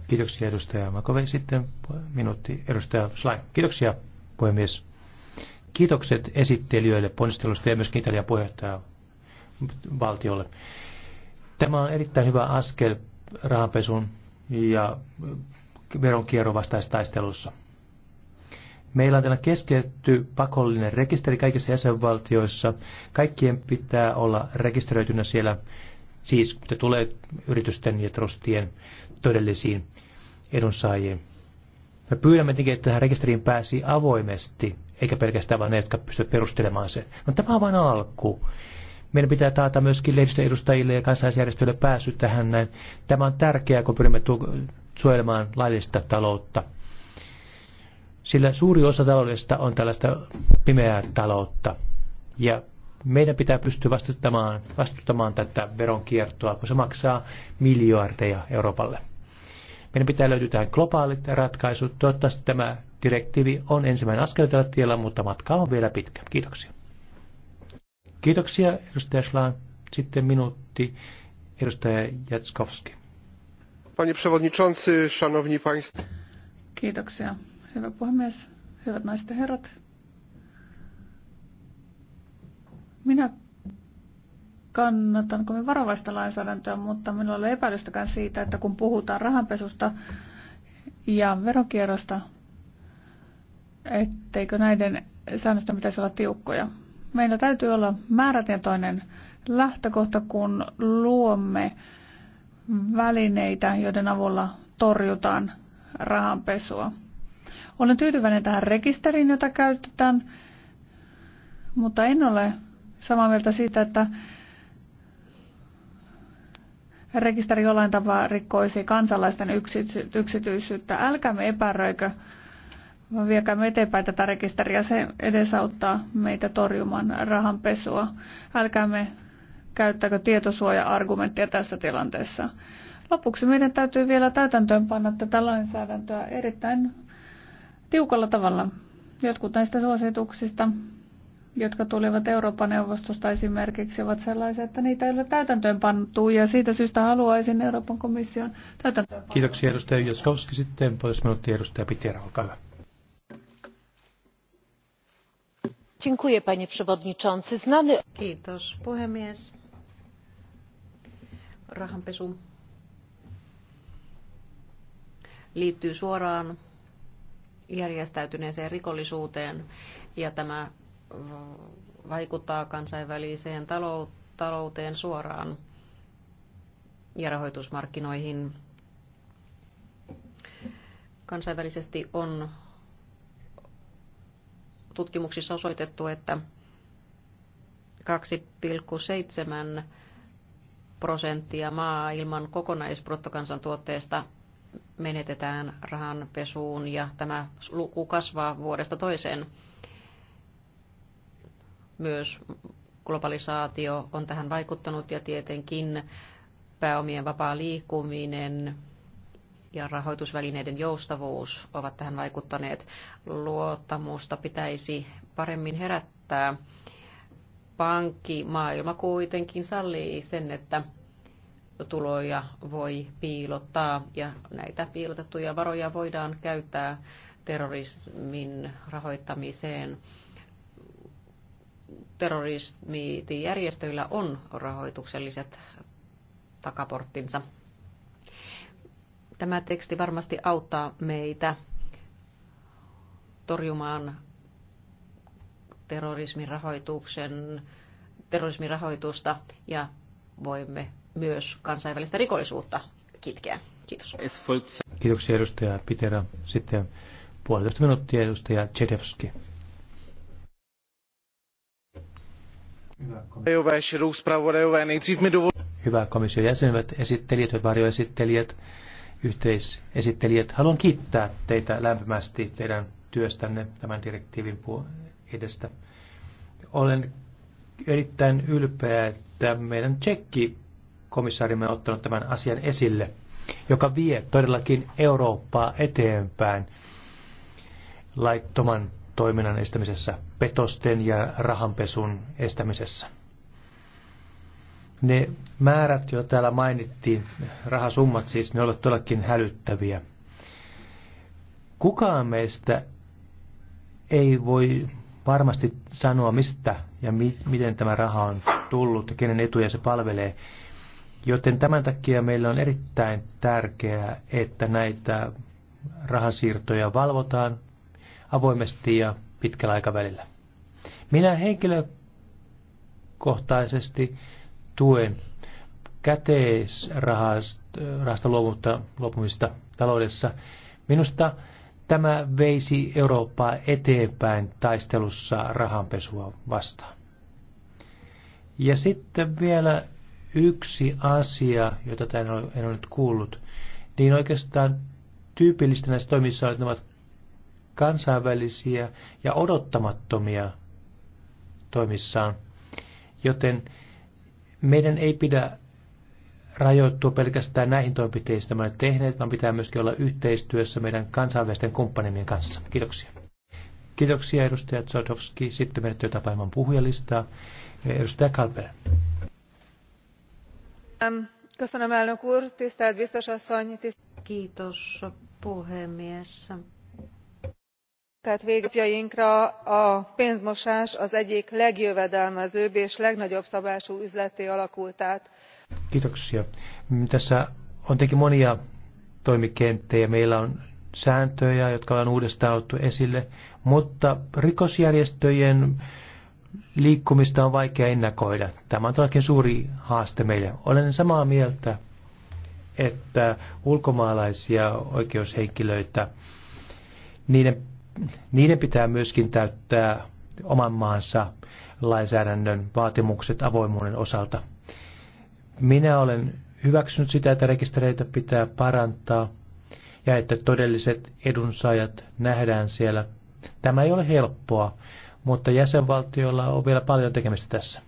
Kiitoksia edustaja Makove. Sitten minuutti edustaja Schlein. Kiitoksia puhemies. Kiitokset esittelijöille ponnistelusta ja myös Italian puheenjohtaja valtiolle. Tämä on erittäin hyvä askel rahanpesun ja veronkierron vastaistaistelussa. taistelussa. Meillä on tällainen keskeytty pakollinen rekisteri kaikissa jäsenvaltioissa. Kaikkien pitää olla rekisteröitynä siellä, siis te tulee yritysten ja trustien todellisiin edunsaajiin. Me pyydämme tietenkin, että tähän rekisteriin pääsi avoimesti, eikä pelkästään vain ne, jotka pystyvät perustelemaan sen. No tämä on vain alku. Meidän pitää taata myöskin lehdistön edustajille ja kansalaisjärjestöille pääsy tähän näin. Tämä on tärkeää, kun pyrimme suojelemaan laillista taloutta sillä suuri osa taloudesta on tällaista pimeää taloutta. Ja meidän pitää pystyä vastustamaan, vastustamaan tätä veronkiertoa, kun se maksaa miljardeja Euroopalle. Meidän pitää löytyä tähän globaalit ratkaisut. Toivottavasti tämä direktiivi on ensimmäinen askel tällä tiellä, mutta matka on vielä pitkä. Kiitoksia. Kiitoksia, edustaja Schlaan. Sitten minuutti, edustaja Jatskowski. Panie przewodniczący, szanowni państwo. Kiitoksia, Hyvä puhemies, hyvät naiset ja herrat. Minä kannatan kovin varovaista lainsäädäntöä, mutta minulla ei ole epäilystäkään siitä, että kun puhutaan rahanpesusta ja veronkierrosta, etteikö näiden säännösten pitäisi olla tiukkoja. Meillä täytyy olla määrätietoinen lähtökohta, kun luomme välineitä, joiden avulla torjutaan rahanpesua. Olen tyytyväinen tähän rekisteriin, jota käytetään, mutta en ole samaa mieltä siitä, että rekisteri jollain tavalla rikkoisi kansalaisten yksityisyyttä. Älkäämme epäröikö, vaan viekäämme eteenpäin tätä rekisteriä. Se edesauttaa meitä torjumaan rahanpesua. Älkäämme käyttäkö tietosuoja-argumenttia tässä tilanteessa. Lopuksi meidän täytyy vielä panna tätä lainsäädäntöä erittäin tiukalla tavalla. Jotkut näistä suosituksista, jotka tulivat Euroopan neuvostosta esimerkiksi, ovat sellaisia, että niitä ei ole täytäntöön pannuttu ja siitä syystä haluaisin Euroopan komission täytäntöön Kiitoksia edustaja Jaskowski. Sitten puolesta minuuttia edustaja Pitiera, olkaa hyvä. Dziękuję, panie przewodniczący. Znany... Kiitos, puhemies. Rahanpesu liittyy suoraan järjestäytyneeseen rikollisuuteen ja tämä vaikuttaa kansainväliseen talouteen suoraan ja rahoitusmarkkinoihin. Kansainvälisesti on tutkimuksissa osoitettu, että 2,7 prosenttia maailman kokonaisbruttokansantuotteesta menetetään rahanpesuun ja tämä luku kasvaa vuodesta toiseen. Myös globalisaatio on tähän vaikuttanut ja tietenkin pääomien vapaa liikkuminen ja rahoitusvälineiden joustavuus ovat tähän vaikuttaneet. Luottamusta pitäisi paremmin herättää pankkimaailma kuitenkin sallii sen, että tuloja voi piilottaa ja näitä piilotettuja varoja voidaan käyttää terrorismin rahoittamiseen. Terrorismijärjestöillä on rahoitukselliset takaporttinsa. Tämä teksti varmasti auttaa meitä torjumaan terrorismin rahoituksen terrorismin rahoitusta ja voimme myös kansainvälistä rikollisuutta kitkeä. Kiitos. Kiitoksia edustaja Pitera. Sitten puolitoista minuuttia edustaja Tchedevski. Hyvä komission jäsenet, esittelijät, varjoesittelijät, yhteisesittelijät. Haluan kiittää teitä lämpimästi teidän työstänne tämän direktiivin edestä. Olen erittäin ylpeä, että meidän tsekki komissaarimme on ottanut tämän asian esille, joka vie todellakin Eurooppaa eteenpäin laittoman toiminnan estämisessä, petosten ja rahanpesun estämisessä. Ne määrät, joita täällä mainittiin, rahasummat siis, ne ovat todellakin hälyttäviä. Kukaan meistä ei voi varmasti sanoa, mistä ja mi- miten tämä raha on tullut ja kenen etuja se palvelee. Joten tämän takia meillä on erittäin tärkeää, että näitä rahasiirtoja valvotaan avoimesti ja pitkällä aikavälillä. Minä henkilökohtaisesti tuen käteisrahasta luopumista taloudessa. Minusta tämä veisi Eurooppaa eteenpäin taistelussa rahanpesua vastaan. Ja sitten vielä yksi asia, jota en ole, en ole nyt kuullut, niin oikeastaan tyypillistä näissä toimissa on, että ne ovat kansainvälisiä ja odottamattomia toimissaan. Joten meidän ei pidä rajoittua pelkästään näihin toimenpiteisiin, mitä olemme tehneet, vaan pitää myöskin olla yhteistyössä meidän kansainvälisten kumppanimien kanssa. Kiitoksia. Kiitoksia edustaja Zodowski. Sitten menettyy tapaamaan puhujalistaa. Edustaja Kalper. Kiitos puhemies. Végnapjainkra a pénzmosás az egyik legjövedelmezőbb és legnagyobb szabású üzleté alakult át. Kiitoksia. Tässä on teki monia toimikenttejä. Meillä on sääntöjä, jotka on uudestaan otettu esille, mutta rikosjärjestöjen liikkumista on vaikea ennakoida. Tämä on todellakin suuri haaste meille. Olen samaa mieltä, että ulkomaalaisia oikeushenkilöitä, niiden, niiden pitää myöskin täyttää oman maansa lainsäädännön vaatimukset avoimuuden osalta. Minä olen hyväksynyt sitä, että rekistereitä pitää parantaa ja että todelliset edunsaajat nähdään siellä. Tämä ei ole helppoa, mutta jäsenvaltioilla on vielä paljon tekemistä tässä.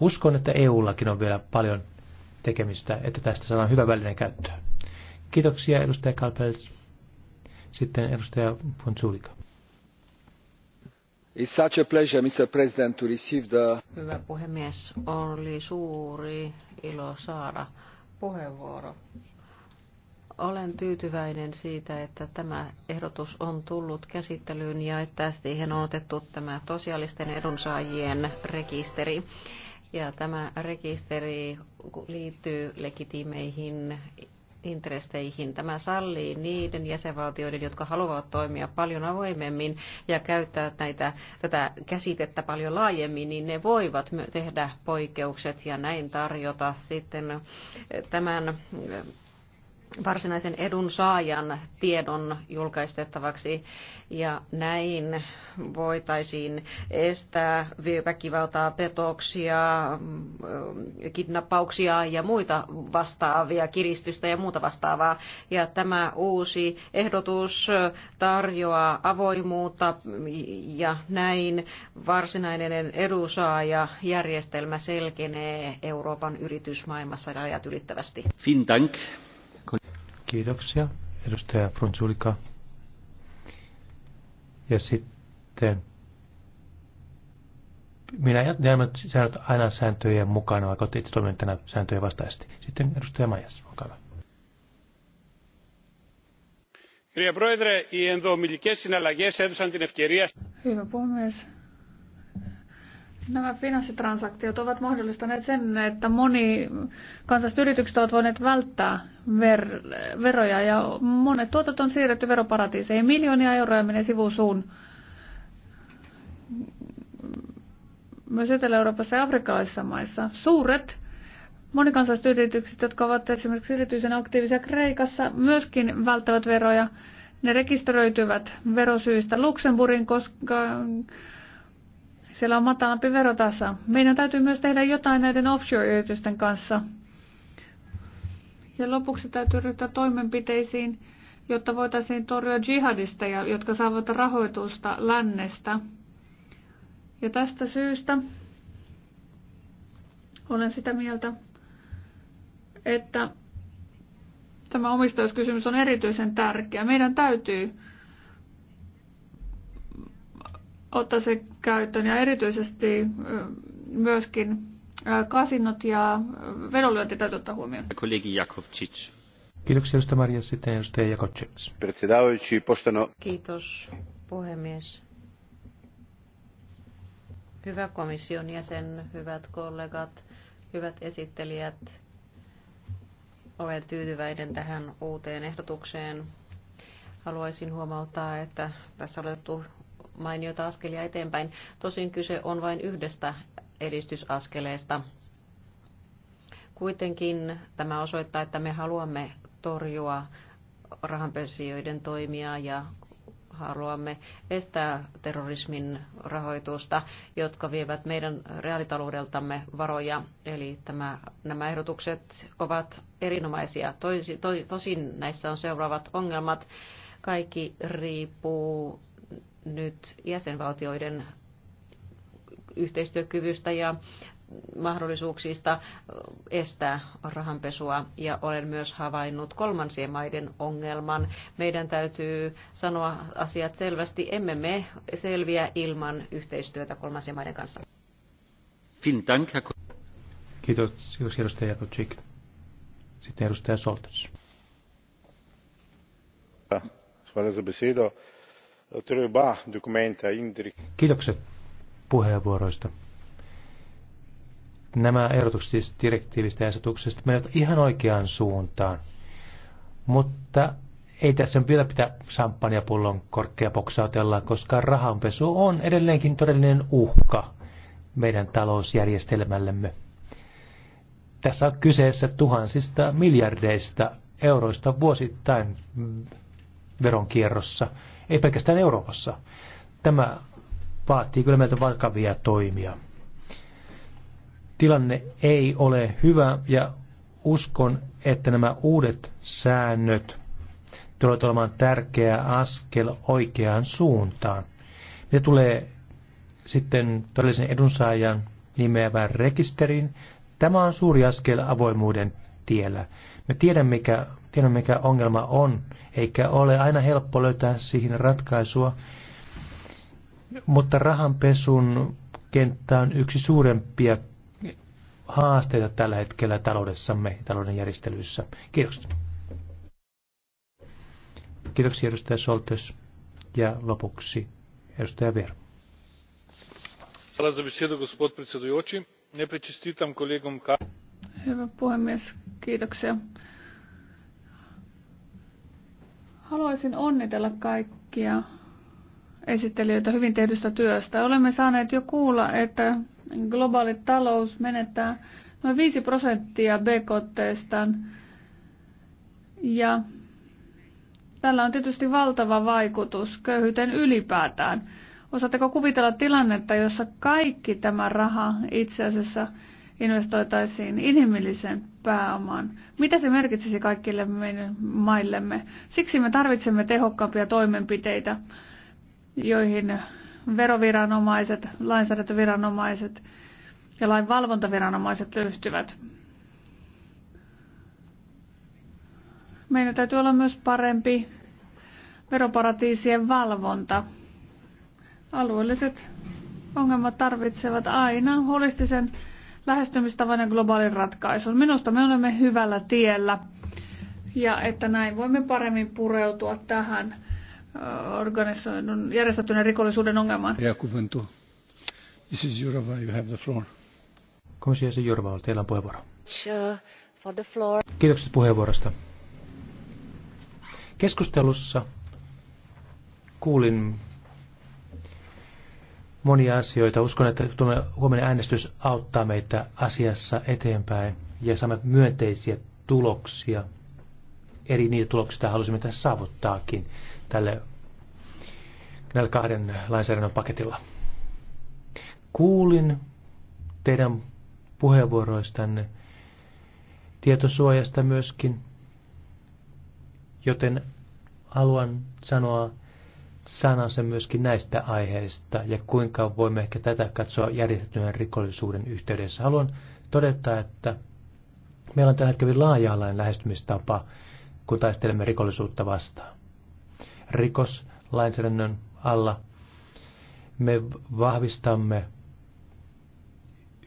Uskon, että EUllakin on vielä paljon tekemistä, että tästä saadaan hyvä väline käyttöön. Kiitoksia edustaja Kalpels. Sitten edustaja Fonsulika. It's such a pleasure, Mr. President, to receive the... Hyvä puhemies, oli suuri ilo saada puheenvuoro olen tyytyväinen siitä, että tämä ehdotus on tullut käsittelyyn ja että siihen on otettu tämä tosiaalisten edunsaajien rekisteri. Ja tämä rekisteri liittyy legitiimeihin intresseihin. Tämä sallii niiden jäsenvaltioiden, jotka haluavat toimia paljon avoimemmin ja käyttää näitä, tätä käsitettä paljon laajemmin, niin ne voivat tehdä poikkeukset ja näin tarjota sitten tämän varsinaisen edun saajan tiedon julkaistettavaksi ja näin voitaisiin estää väkivaltaa, petoksia, mm, kidnappauksia ja muita vastaavia, kiristystä ja muuta vastaavaa. Ja tämä uusi ehdotus tarjoaa avoimuutta ja näin varsinainen edunsaaja järjestelmä selkenee Euroopan yritysmaailmassa rajat ylittävästi. Fin Dank. Kiitoksia, edustaja Frunzulika. Ja sitten minä jäämät säännöt aina sääntöjen mukana, vaikka olette itse toimineet tänä sääntöjen vastaisesti. Sitten edustaja Majas, olkaa hyvä. Hyvä puhemies, Nämä finanssitransaktiot ovat mahdollistaneet sen, että moni kansalliset yritykset ovat voineet välttää ver- veroja ja monet tuotot on siirretty veroparatiiseihin. Miljoonia euroja menee sivusuun. Myös Etelä-Euroopassa ja afrikkalaisissa maissa. Suuret monikansalliset yritykset, jotka ovat esimerkiksi erityisen aktiivisia Kreikassa, myöskin välttävät veroja. Ne rekisteröityvät verosyistä Luxemburgin, koska siellä on matalampi verotasa. Meidän täytyy myös tehdä jotain näiden offshore-yritysten kanssa. Ja lopuksi täytyy ryhtyä toimenpiteisiin, jotta voitaisiin torjua jihadisteja, jotka saavat rahoitusta lännestä. Ja tästä syystä olen sitä mieltä, että tämä omistajuuskysymys on erityisen tärkeä. Meidän täytyy ottaa se käyttöön ja erityisesti myöskin kasinot ja vedonlyönti täytyy ottaa huomioon. Kollegi Jakovčić. Kiitoksia, Josta Maria. Sitten edustaja Jakovčić. Kiitos, puhemies. Hyvä komission jäsen, hyvät kollegat, hyvät esittelijät. Olen tyytyväinen tähän uuteen ehdotukseen. Haluaisin huomauttaa, että tässä on otettu mainiota askelia eteenpäin. Tosin kyse on vain yhdestä edistysaskeleesta. Kuitenkin tämä osoittaa, että me haluamme torjua rahanpesijoiden toimia ja haluamme estää terrorismin rahoitusta, jotka vievät meidän reaalitaloudeltamme varoja. Eli tämä, nämä ehdotukset ovat erinomaisia. tosin näissä on seuraavat ongelmat. Kaikki riippuu nyt jäsenvaltioiden yhteistyökyvystä ja mahdollisuuksista estää rahanpesua ja olen myös havainnut kolmansien maiden ongelman. Meidän täytyy sanoa asiat selvästi. Emme me selviä ilman yhteistyötä kolmansien maiden kanssa. Kiitos, edustaja Jakocik. Sitten edustaja Soltas. Hvala za besedo. Kiitokset puheenvuoroista. Nämä ehdotukset siis direktiivistä ja asetuksesta menevät ihan oikeaan suuntaan. Mutta ei tässä vielä pitää samppanjapullon korkea poksautella, koska rahanpesu on edelleenkin todellinen uhka meidän talousjärjestelmällemme. Tässä on kyseessä tuhansista miljardeista euroista vuosittain veronkierrossa – ei pelkästään Euroopassa. Tämä vaatii kyllä meiltä vakavia toimia. Tilanne ei ole hyvä ja uskon, että nämä uudet säännöt tulevat olemaan tärkeä askel oikeaan suuntaan. Ne tulee sitten todellisen edunsaajan nimeävään rekisteriin. Tämä on suuri askel avoimuuden tiellä. Me tiedämme, mikä tiedämme mikä ongelma on, eikä ole aina helppo löytää siihen ratkaisua. Mutta rahanpesun kenttä on yksi suurempia haasteita tällä hetkellä taloudessamme, talouden järjestelyissä. Kiitos Kiitoksia edustaja Soltes ja lopuksi edustaja Ver. Hyvä puhemies, kiitoksia. Haluaisin onnitella kaikkia esittelijöitä hyvin tehdystä työstä. Olemme saaneet jo kuulla, että globaali talous menettää noin 5 prosenttia bkt Ja tällä on tietysti valtava vaikutus köyhyyteen ylipäätään. Osaatteko kuvitella tilannetta, jossa kaikki tämä raha itse asiassa – investoitaisiin inhimillisen pääoman. Mitä se merkitsisi kaikille meidän maillemme? Siksi me tarvitsemme tehokkaampia toimenpiteitä, joihin veroviranomaiset, lainsäädäntöviranomaiset ja lainvalvontaviranomaiset ryhtyvät. Meidän täytyy olla myös parempi veroparatiisien valvonta. Alueelliset ongelmat tarvitsevat aina holistisen lähestymistavan ja globaalin ratkaisun. Minusta me olemme hyvällä tiellä ja että näin voimme paremmin pureutua tähän organisoidun järjestäytyneen rikollisuuden ongelmaan. Ja This is Jurava, you have the floor. Komissiasi Jurava, teillä on puheenvuoro. For the floor. Kiitokset puheenvuorosta. Keskustelussa kuulin monia asioita. Uskon, että huomenna äänestys auttaa meitä asiassa eteenpäin ja saamme myönteisiä tuloksia, eri niitä tuloksia, halusimme tässä saavuttaakin tälle, näillä kahden lainsäädännön paketilla. Kuulin teidän puheenvuoroistanne tietosuojasta myöskin, joten haluan sanoa sanansa myöskin näistä aiheista ja kuinka voimme ehkä tätä katsoa järjestettyjen rikollisuuden yhteydessä. Haluan todeta, että meillä on tällä hetkellä laaja-alainen lähestymistapa, kun taistelemme rikollisuutta vastaan. Rikoslainsäädännön alla me vahvistamme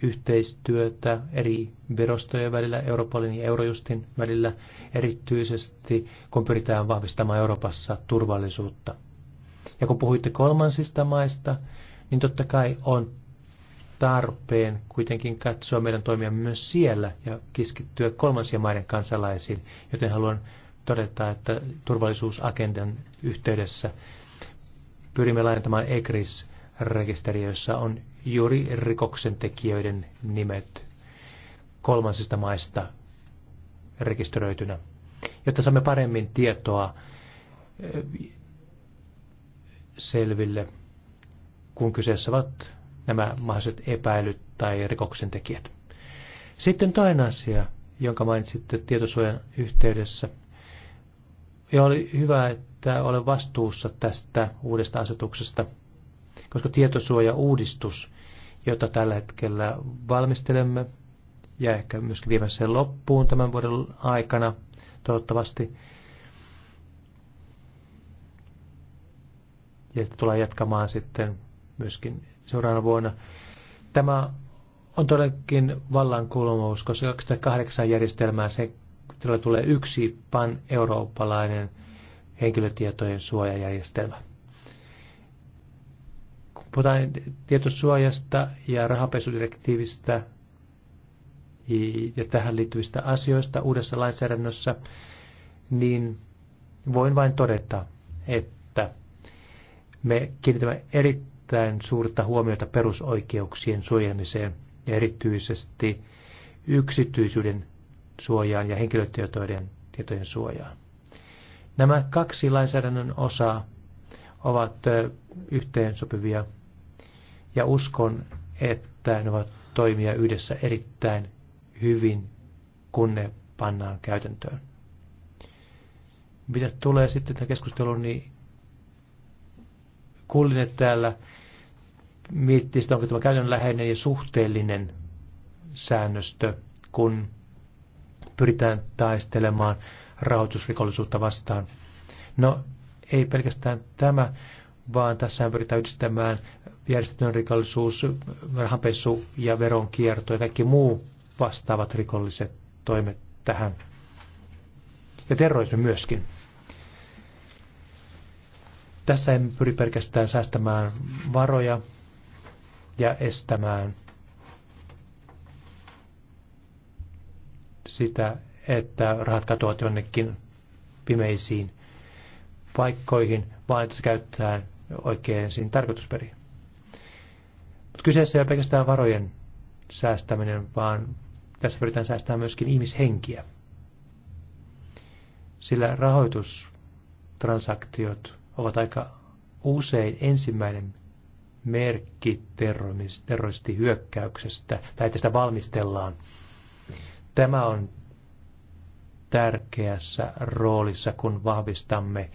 yhteistyötä eri verostojen välillä, Euroopan ja Eurojustin välillä, erityisesti kun pyritään vahvistamaan Euroopassa turvallisuutta. Ja kun puhuitte kolmansista maista, niin totta kai on tarpeen kuitenkin katsoa meidän toimia myös siellä ja keskittyä kolmansien maiden kansalaisiin, joten haluan todeta, että turvallisuusagendan yhteydessä pyrimme laajentamaan ECRIS-rekisteri, jossa on juuri rikoksentekijöiden nimet kolmansista maista rekisteröitynä, jotta saamme paremmin tietoa selville, kun kyseessä ovat nämä mahdolliset epäilyt tai tekijät. Sitten toinen asia, jonka mainitsitte tietosuojan yhteydessä. Ja oli hyvä, että olen vastuussa tästä uudesta asetuksesta, koska tietosuoja-uudistus, jota tällä hetkellä valmistelemme, ja ehkä myöskin viemässä loppuun tämän vuoden aikana, toivottavasti, ja sitä tullaan jatkamaan sitten myöskin seuraavana vuonna. Tämä on todellakin vallankulmous, koska 2008 järjestelmää se tulee yksi pan-eurooppalainen henkilötietojen suojajärjestelmä. Kun puhutaan tietosuojasta ja rahapesudirektiivistä ja tähän liittyvistä asioista uudessa lainsäädännössä, niin voin vain todeta, että me kiinnitämme erittäin suurta huomiota perusoikeuksien suojelmiseen ja erityisesti yksityisyyden suojaan ja henkilötietojen tietojen suojaan. Nämä kaksi lainsäädännön osaa ovat yhteensopivia ja uskon, että ne ovat toimia yhdessä erittäin hyvin, kun ne pannaan käytäntöön. Mitä tulee sitten tähän keskusteluun, niin Kullinen täällä miettii sitä, onko tämä käytännönläheinen ja suhteellinen säännöstö, kun pyritään taistelemaan rahoitusrikollisuutta vastaan. No, ei pelkästään tämä, vaan tässä pyritään yhdistämään järjestetyn rikollisuus, rahanpesu ja veronkierto ja kaikki muu vastaavat rikolliset toimet tähän. Ja terrorismi myöskin. Tässä emme pyri pelkästään säästämään varoja ja estämään sitä, että rahat katoavat jonnekin pimeisiin paikkoihin, vaan että se käyttää oikein siinä tarkoitusperiin. Mutta kyseessä ei ole pelkästään varojen säästäminen, vaan tässä pyritään säästämään myöskin ihmishenkiä. Sillä rahoitustransaktiot ovat aika usein ensimmäinen merkki terroristihyökkäyksestä tai tästä valmistellaan. Tämä on tärkeässä roolissa, kun vahvistamme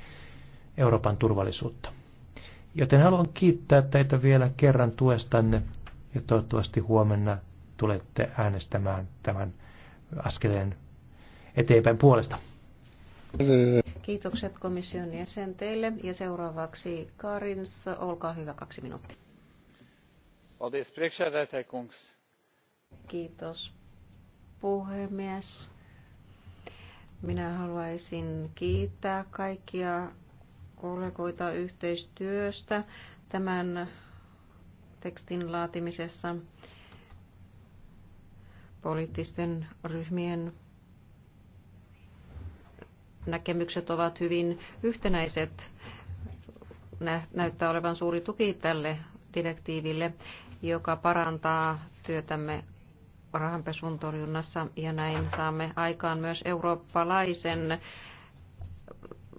Euroopan turvallisuutta. Joten haluan kiittää teitä vielä kerran tuestanne ja toivottavasti huomenna tulette äänestämään tämän askeleen eteenpäin puolesta. Kiitokset komission jäsen teille. Ja seuraavaksi Karins, olkaa hyvä, kaksi minuuttia. Kiitos puhemies. Minä haluaisin kiittää kaikkia kollegoita yhteistyöstä tämän tekstin laatimisessa poliittisten ryhmien näkemykset ovat hyvin yhtenäiset. Näyttää olevan suuri tuki tälle direktiiville, joka parantaa työtämme rahanpesun torjunnassa ja näin saamme aikaan myös eurooppalaisen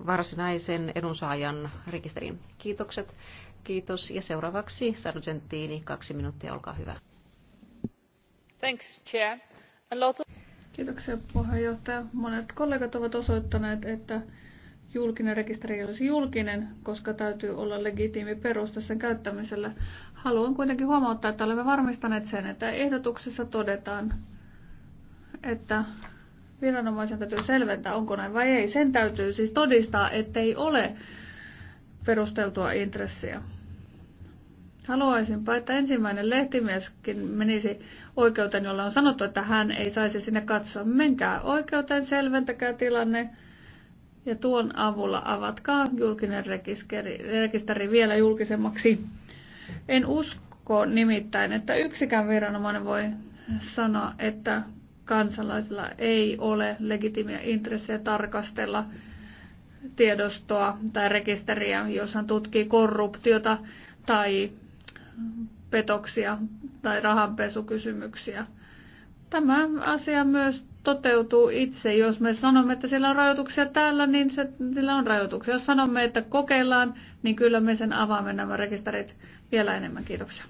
varsinaisen edunsaajan rekisterin. Kiitokset. Kiitos. Ja seuraavaksi Sargentini, kaksi minuuttia, olkaa hyvä. Thanks, Chair. A lot of... Kiitoksia puheenjohtaja. Monet kollegat ovat osoittaneet, että julkinen rekisteri olisi julkinen, koska täytyy olla legitiimi perusta sen käyttämisellä. Haluan kuitenkin huomauttaa, että olemme varmistaneet sen, että ehdotuksessa todetaan, että viranomaisen täytyy selventää, onko näin vai ei. Sen täytyy siis todistaa, ettei ole perusteltua intressiä. Haluaisinpa, että ensimmäinen lehtimieskin menisi oikeuteen, jolla on sanottu, että hän ei saisi sinne katsoa. Menkää oikeuteen, selventäkää tilanne ja tuon avulla avatkaa julkinen rekisteri, rekisteri vielä julkisemmaksi. En usko nimittäin, että yksikään viranomainen voi sanoa, että kansalaisilla ei ole legitimiä intressejä tarkastella tiedostoa tai rekisteriä, jos hän tutkii korruptiota tai petoksia tai rahanpesukysymyksiä. Tämä asia myös toteutuu itse. Jos me sanomme, että siellä on rajoituksia täällä, niin se, sillä on rajoituksia. Jos sanomme, että kokeillaan, niin kyllä me sen avaamme nämä rekisterit vielä enemmän. Kiitoksia.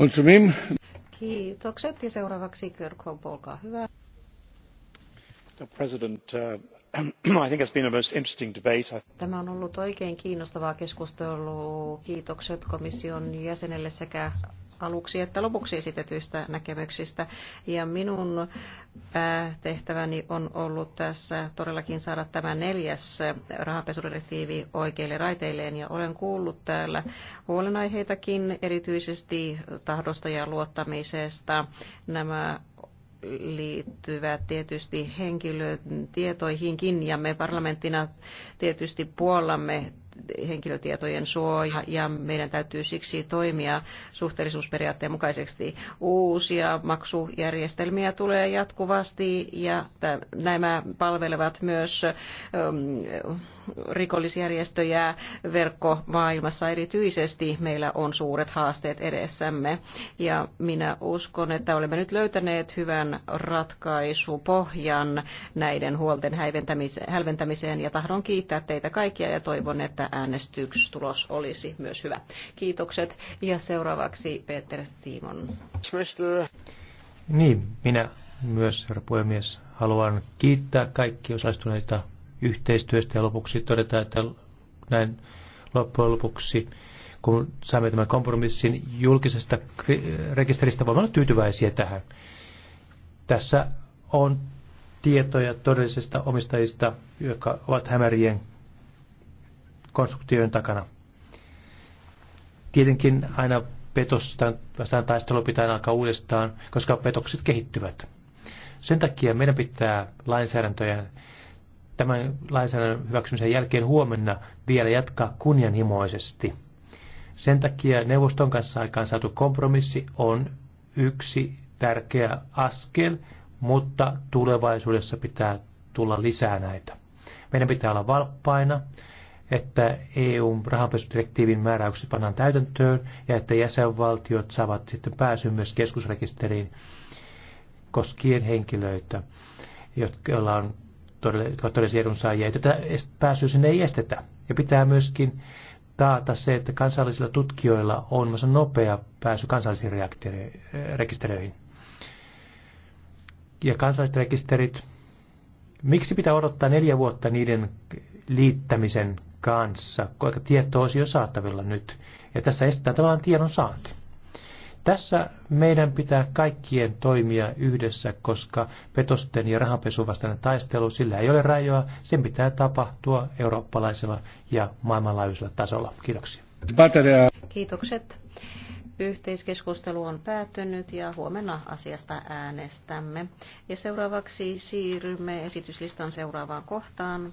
Mulțumim. Kiitokset ja seuraavaksi Kirkhope, olkaa hyvä. President, uh... Tämä on ollut oikein kiinnostavaa keskustelua. Kiitokset komission jäsenelle sekä aluksi että lopuksi esitetyistä näkemyksistä. Ja minun päätehtäväni on ollut tässä todellakin saada tämä neljäs rahanpesudirektiivi oikeille raiteilleen. Ja olen kuullut täällä huolenaiheitakin erityisesti tahdosta ja luottamisesta. Nämä liittyvät tietysti henkilötietoihinkin ja me parlamenttina tietysti puollamme henkilötietojen suoja ja meidän täytyy siksi toimia suhteellisuusperiaatteen mukaisesti. Uusia maksujärjestelmiä tulee jatkuvasti ja nämä palvelevat myös ähm, rikollisjärjestöjä verkkomaailmassa erityisesti. Meillä on suuret haasteet edessämme ja minä uskon, että olemme nyt löytäneet hyvän ratkaisupohjan näiden huolten hälventämiseen ja tahdon kiittää teitä kaikkia ja toivon, että äänestystulos olisi myös hyvä. Kiitokset. Ja seuraavaksi Peter Simon. Niin, minä myös, herra puhemies, haluan kiittää kaikkia osallistuneita yhteistyöstä ja lopuksi todeta, että näin loppujen lopuksi, kun saamme tämän kompromissin julkisesta rekisteristä, voimme olla tyytyväisiä tähän. Tässä on tietoja todellisista omistajista, jotka ovat hämärien konstruktioiden takana. Tietenkin aina petos vastaan taistelu pitää alkaa uudestaan, koska petokset kehittyvät. Sen takia meidän pitää lainsäädäntöjä tämän lainsäädännön hyväksymisen jälkeen huomenna vielä jatkaa kunnianhimoisesti. Sen takia neuvoston kanssa aikaan saatu kompromissi on yksi tärkeä askel, mutta tulevaisuudessa pitää tulla lisää näitä. Meidän pitää olla valppaina, että eu rahanpesudirektiivin määräykset pannaan täytäntöön ja että jäsenvaltiot saavat sitten pääsyn myös keskusrekisteriin koskien henkilöitä, jotka on todellisia edunsaajia. Tätä pääsyä sinne ei estetä. Ja pitää myöskin taata se, että kansallisilla tutkijoilla on nopea pääsy kansallisiin rekisteröihin. Ja kansalliset rekisterit, miksi pitää odottaa neljä vuotta niiden liittämisen kanssa, koska tieto jo saatavilla nyt. Ja tässä estetään tavallaan tiedon saanti. Tässä meidän pitää kaikkien toimia yhdessä, koska petosten ja rahanpesun vastainen taistelu, sillä ei ole rajoja. Sen pitää tapahtua eurooppalaisella ja maailmanlaajuisella tasolla. Kiitoksia. Kiitokset. Yhteiskeskustelu on päättynyt ja huomenna asiasta äänestämme. Ja seuraavaksi siirrymme esityslistan seuraavaan kohtaan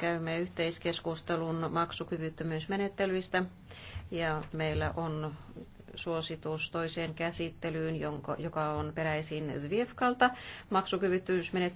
käymme yhteiskeskustelun maksukyvyttömyysmenettelyistä ja meillä on suositus toiseen käsittelyyn, jonka, joka on peräisin Zviefkalta maksukyvyttömyysmenettely